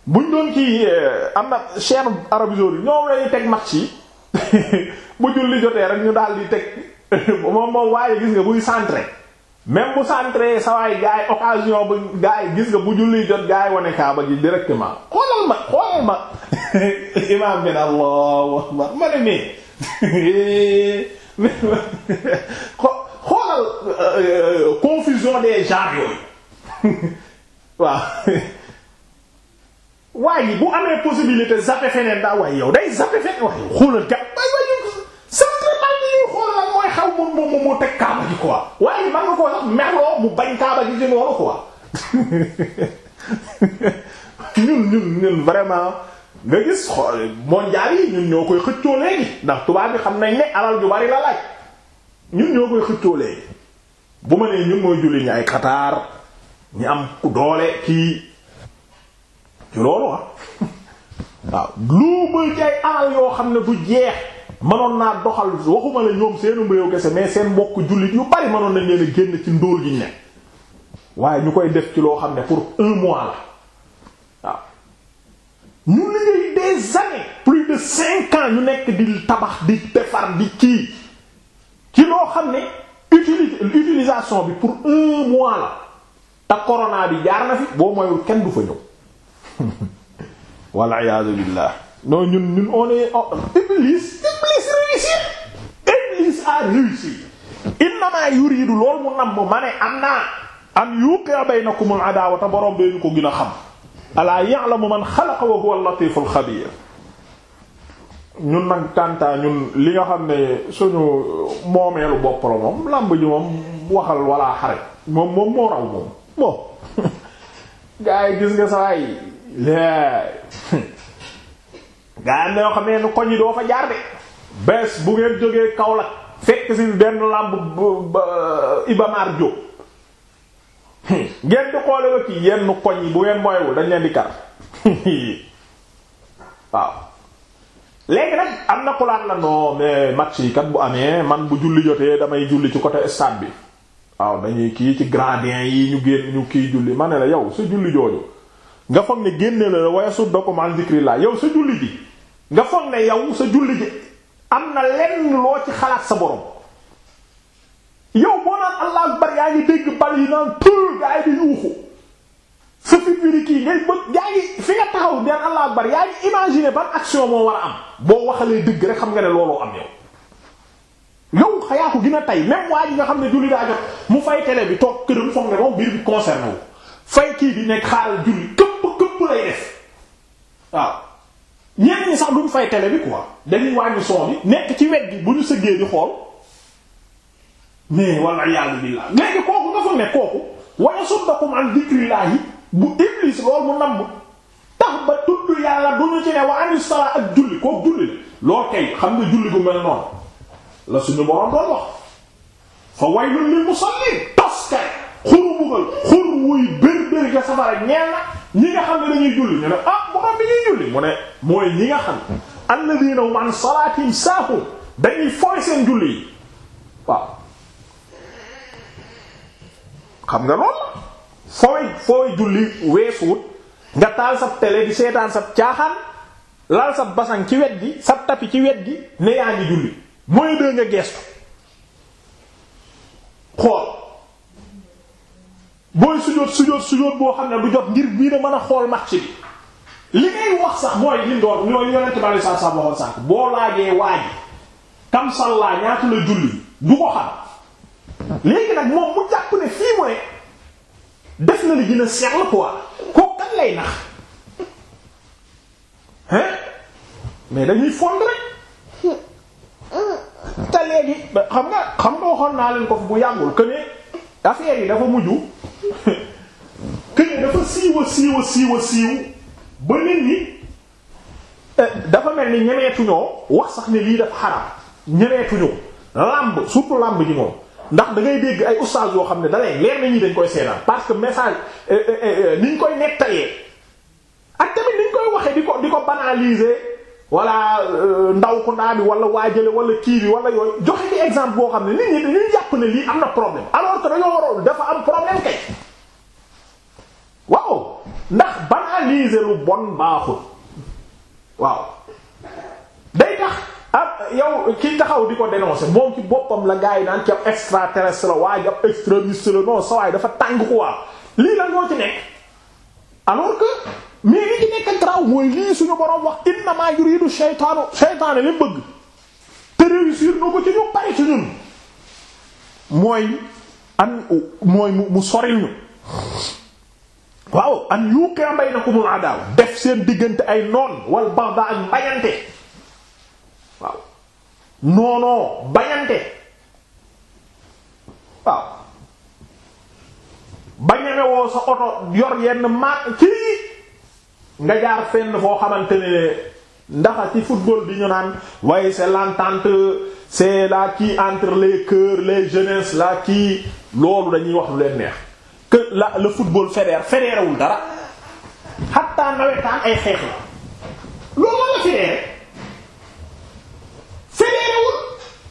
buñ doon ci eh, am na chaîne Arabie saoudite ñoom lay teg match yi [LAUGHS] bu julli jotee rek ñu daal di teg [LAUGHS] moom moom waaye gis nga buy centré même bu centré sa waay gaay occasion bu gaay gis nga bu julli jot gaay wane kaaba ji directement xoolal ma xoolal ma imam bi na Allahu akbar ma ne [LAUGHS] xoolal euh, confusion des genres yooyu [LAUGHS] waaye [LAUGHS] bu amee possibilité zappe feneen daa waaye yow day zappe feneen waaye yow xoolal ga waaye waaye simplement li ñuy xoolal mooy xaw mun moom moo teg kaaba ji quoi waaye man nga koo sax merloo mu bañ kaaba ji ci loolu quoi ñun ñun ñun vraiment nga gis xool mondial yi ñun ñoo koy xëccoo léegi ndax tubaab bi xam nañ ne alal yu bari la laaj ñun ñoo koy xëccoo léegi bu ma nee ñun mooy julli ñi ay Qatar ñu am ku doole kii ci loolu ah [LAUGHS] waaw lu muy jaay alal yoo xam ne bu jeex mënoon naa doxal waxuma la ñoom seen réew kese mais seen mbokk jullit yu bari mënoon nañ leen a génn ci ndóol gi ñu waaye ñu koy def ci loo xam ne pour un mois la waaw mu liggéey des années plus de cinq ans ñu nekk di tabax di defar di kii ci loo xam ne utilisation bi pour un mois la te corona bi jaar na fi boo moyul kenn du fa ñëw [LAUGHS] walla iyaazu billaah non ñun ñun on est oh, iblis iblis réussi iblis a réussi innamaa yuriidu lool mu namm ma ne am naa am yuqi'a baynakumul adaawata borom bee ñu ko gën a xam alaa ya'lamu man xalaqa wa huwa al-latiiful xabiir ñun nag kàntaa ñun li nga xam ne suñu moomeelu bopp la moom làmb ji moom waxal walla xare moom moom moo raw moom bon [LAUGHS] gaa yi laay gaa yi na yoo xam ne koñ yi doo fa jaar de bés bu ngeen jógee Kaolack fekk ci benn làmb Iba Mar Hmm. ngeen di xoole wa yenn koñ bu ngeen mooywul dañ leen di kar [LAUGHS] waaw léegi nag am na xulaat la non mais match yi kat bu amee man bu julli jotee damay julli ci côté stade bi waaw dañuy kii ci gradin yi ñu génn ñu kii julli ma ne la yow sa julli jooju nga foog ne génne la waaye su dokum an zikrillah yow sa julli ji nga foog ne yow sa julli ji am na lenn loo ci xalaat sa borom yow moo naan allah akbar yaa ngi dégg bal yi naan tëë gaa yi di yuuxu sa fit bi kii ngay yaa ngi fi nga taxaw neen allah bari yaa ngi imaginer ban action moo war a am boo waxalee dëgg rek xam nga ne looloo am yow yow xayaa ko gën a tey même nga xam ne julli daa mu fay télé bi toog këram foog ne moom mbir bi concerné wu fay kii bi nekk xaaral julli këpp këpp lay def waaw ñenn ñi sax duñ fay télé bi quoi dañuy wàññi son bi nekk ci wet gi bu ñu sëggee di xool mais walla iyaazu billaah léegi kooku nga foog ne kooku wa yasuddakum an dikrillaahi bu iblis loolu mu namm tax ba tudd yàlla du ñu ci ne wa anis salaa ak julli kooku julli la lool kay xam nga julli bu mel noonu la suñu boroom doon wax fa waylun lil musalliin tos kay xuru bugal xur wuy bér bér ga safara ñeel ñi nga xam ne dañuy julli ñu ne ah boroom bi ñuy julli mu ne mooy ñi nga xam alladhiina hum an salaatihim saahuun dañuy foy seen julli yi xam nga lool fooy fooy julli weesuwut nga taal sa télé di seetaan sa caaxaan laal sa basan ci wet gi sa tapi ci wet gi ne yaa ngi julli mooy dee geestu xool booy sujóot sujóot sujóot boo xam ne lu jot ngir bii da mën a xool match bi li ngay wax sax mooy li ndoor ñooy yonent bale saa saa waxoon sànk boo laajee waaji kam sallaa ñaata la julli du ko xam léegi nag moom mu jàpp ne fii mu def na li gën a sell quoi kooku kan lay nax hein mais dañuy fond rek te léegi xam nga xam nga waxoon naa leen ko bu yàngul que ne affaire yi dafa mujj [LAUGHS] que ne dafa siiwa siiwa siiwa siiw ba nit ñi eh, dafa mel ni ñemeetuñoo wax sax ne lii dafa xaram ñemeetuñoo làmb surtout làmb ji moom. ndax dangay dégg ay ustaas yoo xam ne da lay leer na dañ koy seetaan parce que message liñ euh, euh, euh, koy nettalee ak tamit ni koy waxee di ko di ko banaliser wala ndaw ko ndaa bi wala waajale wala kii bi wala yooyu joxe ci exemple boo xam ne nit ñi dañuy jàpp ne lii am na problème alors que dañoo waroon dafa am problème kay waaw ndax banaliser lu bon baaxul waaw. ah yow kii taxaw di ko dénoncer moom ci boppam la gars yi naan ci ab extraterrestre la waaye ji ab extrémiste la non sa waay dafa tàng quoi lii la ñoo ci nekk alors que mais li ci nekk graw mooy lii suñu borom wax innama yuridu shaytaanu shaytaane li bëgg te réussir no ko ci ñu bari ci ñun mooy an mooy mu soril ñu waaw an yuqi'a baynakumul adaw def seen diggante ay noon wal baghdha ak mbañante noonoo bañante waaw bañanewoo sa oto yor yenn maak kii nga jaar fenn foo xamante ne ndax ci football bi ñu naan waaye c'est lantant c'est la kii entre les cœurs les jeunesses la kii loolu dañuy wax lu leen neex que la le football fédère fédérewul dara xatta nawetaan ay xeex la loolu la fédéré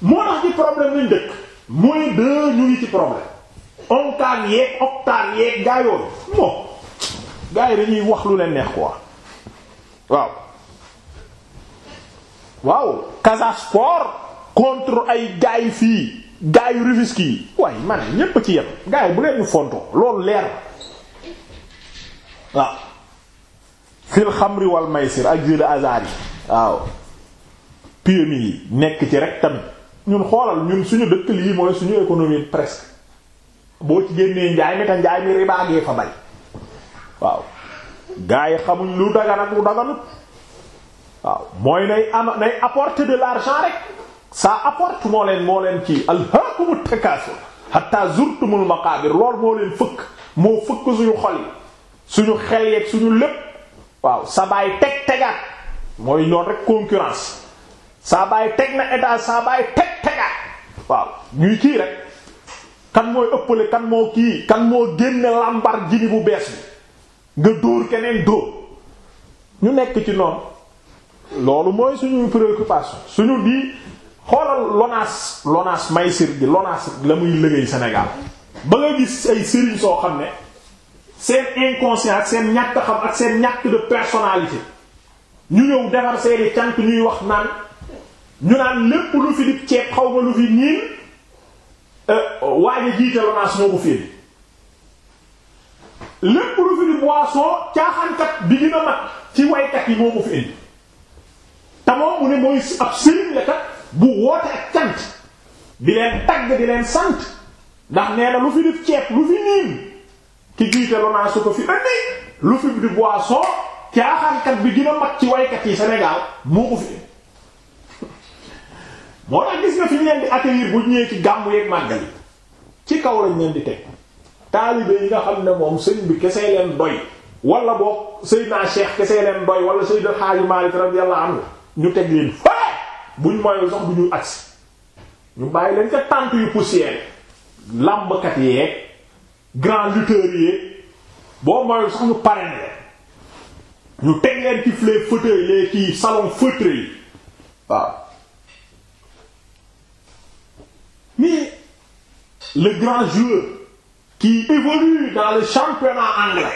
moo tax ci problème lañ dëkk mooy deux ñu ngi ci problème ontaar yeeg octaar yeeg gaa yooyu moom dañuy wax lu leen neex quoi waaw waaw Casa contre ay gaay yi fii gaa yu Rufisque yi waaye man ñépp ci yem gaa yi bu leen ñu fontoo loolu leer na fil xamri wal maysir ak jeu de yi waaw PMI yi nekk ci rek tamit ñun xoolal ñun suñu dëkk lii mooy suñu économie presque boo ci génnee njaay mi te njaay mi ribaagee fa bay waaw gars yi xamuñ lu dagan ak lu daganut waaw mooy nay am nay apporter de l'argent rek ça apporte moo leen moo leen ci alhaakumu takaasur hatta zurtumul maqaabir lool moo leen fëkk moo fëkk suñu xol yi suñu xel yeeg suñu lépp waaw sa baay teg tegaat mooy noonu rek concurrence saa baay teg na état saa baay teg tegaat waaw ñuy kii rek kan mooy ëppale kan moo kii kan moo génne lambar jini bu bees bi nga dóor keneen dóor ñu nekk ci noonu loolu mooy suñu préoccupation suñu di xoolal lonaas lonaas may sir gi lonaas la muy liggéey Sénégal ba nga gis ay sëriñ soo xam ne seen inconscient ak seen ñàkk xam ak seen ñàkk de personnalité ñu ñëw defar seeni cant ñuy wax naan ñu naan lépp lu fi ceeb xaw ma lu fi ñiin euh, waaye jiite lonaas moo ko féeri lépp lu fi di boisson caaxaankat bi dina mat ci waykat yi moo ko fi indi te ne mooy ab sëriñ la kat bu woote ak cant di leen tagg di leen sant ndax nee na lu fi di ceeb lu fi niin ki jiite lonaas su ko fi indi lu fi di boisson caaxaankat bi dina mat ci waykat yi Sénégal moo fi indi moo tax gis nga fi leen di accueillir bu ñëwee ci gàmmu yeeg màggal ci kaw lañ leen di teg taalibe yi nga xam ne moom sëñ bi kese leen doy wala boog Seydina Cheikh kese leen doy wala Seydina Xaaji Maalik radiyallahu anhu ñu teg leen fële buñ moyul sax bu ñu ñu bàyyi leen ca tànt yu poussière làmbkat yeeg grand lutteur yeeg boo moyul sax ñu parrainé leen ñu teg leen ci les fauteuils les yi waaw. mais le grand joueur qui évolue dans le championnat anglais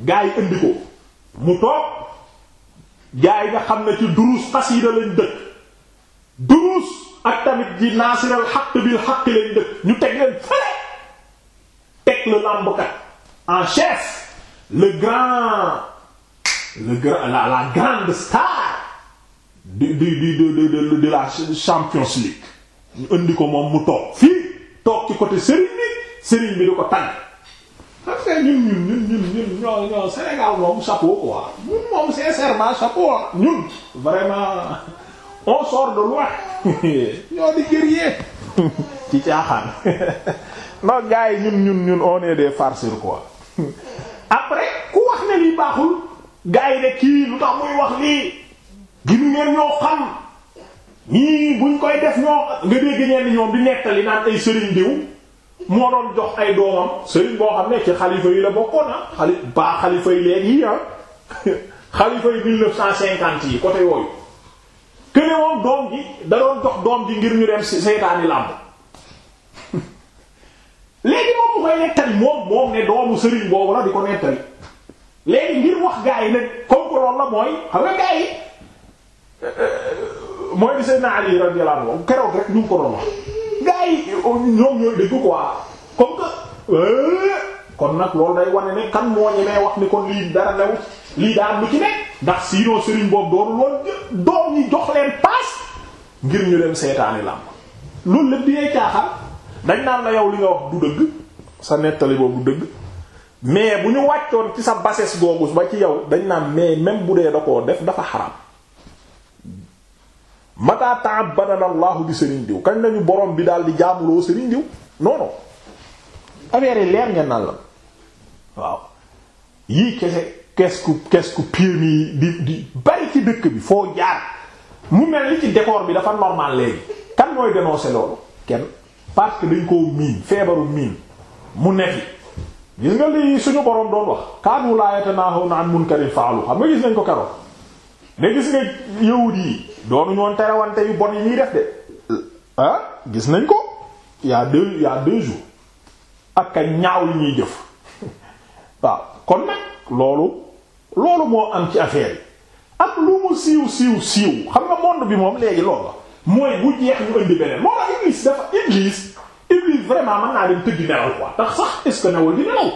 gars indi ko mu toog gars nga xam na ci duruus xasiida lañ dëkk duruus ak tamit ji naasiral xaq bil xaq lañ dëkk ñu teg leen fële teg le làmbkat en chef le grand le grand la la star de de de de la Champions League ñu indi ko moom mu toog fii toog ci côté sëriñ bi sëriñ bi di ko tànn xam nga ñun ñun ñun ñun ñun ñoo ñoo ñun ñun vraiment on sort loin [LAUGHS] ñoo di guerrier [LAUGHS] ci caaxaan [LAUGHS] non gars yi ñun ñun ñun on est des farceurs quoi après ku wax ne lii baaxul gars yi kii lu tax muy wax lii gis ngeen ñoo xam. ñii buñ koy def ñoo nga dégg ñenn ñoom di nettali naan ay sëriñ diw moo doon jox ay doomam sëriñ boo xam ne ci xalifa yi la bokkoon ah xali baa xalifa yi léegi ah [LAUGHS] xalifa yi yi côté yooyu këne doom ji da doon jox doom ji ngir ñu dem seytaani làmb [LAUGHS] léegi moom moom ne doomu sëriñ boobu la di ko nettali léegi ngir wax gaa yi ne comme la mooy xam nga gaa yi mooy bi Seydina Ali radiyallahu anhu rek ñu ngi ko doon wax gars yi ñoom ñooy dégg quoi comme que euh, kon nag loolu day wane ne kan moo ñemee wax ni kon lii dara new lii daan lu ci nekk ndax sinon Serigne boobu doon lool doom ñi jox leen paas ngir ñu dem seetaani làmb loolu lépp di caaxaan dañ naan la yow li nga wax du dëgg sa nettali boobu du dëgg mais bu ñu wàccoon ci sa bases googu ba ci yow dañ naan mais même bu dee da koo def dafa xaram mata ta'abbadana allahu bi sëriñ diw kañ lañu borom bi daal di jaamuloo sëriñ diw non non yi leer ngeen naan la waaw yii kese kes kesku piir mi di di bari ci dëkk bi foo jaar mu mel ni ci décor bi dafa normal léegi kan mooy dénoncer loolu kenn parce que dañ koo miin feebaru miin mu nefi gis nga lii suñu borom doon wax kaanu laa yatanahawna an munkarin fa'alu xam nga gis nañ ko keroog ne gis nga yawut yi doonu ñoon terewante yu bon yi ñuy def de ah gis nañ ko y'a deux y'a deux jours ak a ñaaw yi ñuy jëf [LAUGHS] waaw kon nag loolu loolu moo am ci affaire yi ak lu mu siiw siiw siiw xam nga monde bi moom léegi loolu la mooy bu jeex ñu indi beneen moo tax Iblis dafa Iblis Iblis vraiment mën naa dem tëdd nelaw quoi tax sax est-ce di nelaw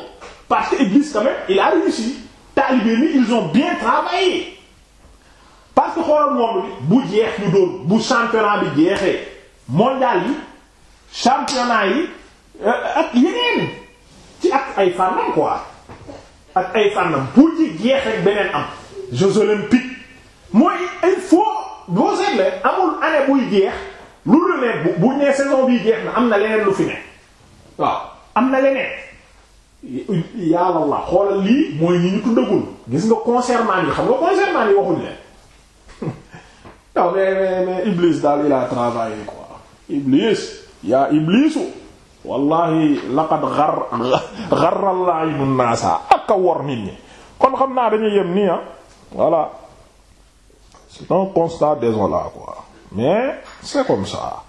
parce que Iblis quand même il a réussi talibé ni ils ont bien travaillé parce que xoolal monde bi bu jeex ñu dóor bu championnat bi jeexee mondial yi championnat yi euh, ak yeneen ci ak ay fànnam quoi ak ay fànnam bu ci jeex rek beneen am jeux olympiques mooy il faut boo seetlee amul année buy jeex lu lu ne bu bu nee saison bi jeex na am na leneen lu fi ne waaw am na leneen yaa la xoolal lii mooy ñi ñu tuddagul gis nga concernant yi xam nga concernant yi waxuñ leen non mais mais daal il a travaillé quoi Iblis yaa Iblisu wallahi laqad xar xarra [LAUGHS] al-aynu an-naasa ak a wor nit kon xam naa dañuy yem nii ah voilà c'est un constat désolant mais c'est comme ça.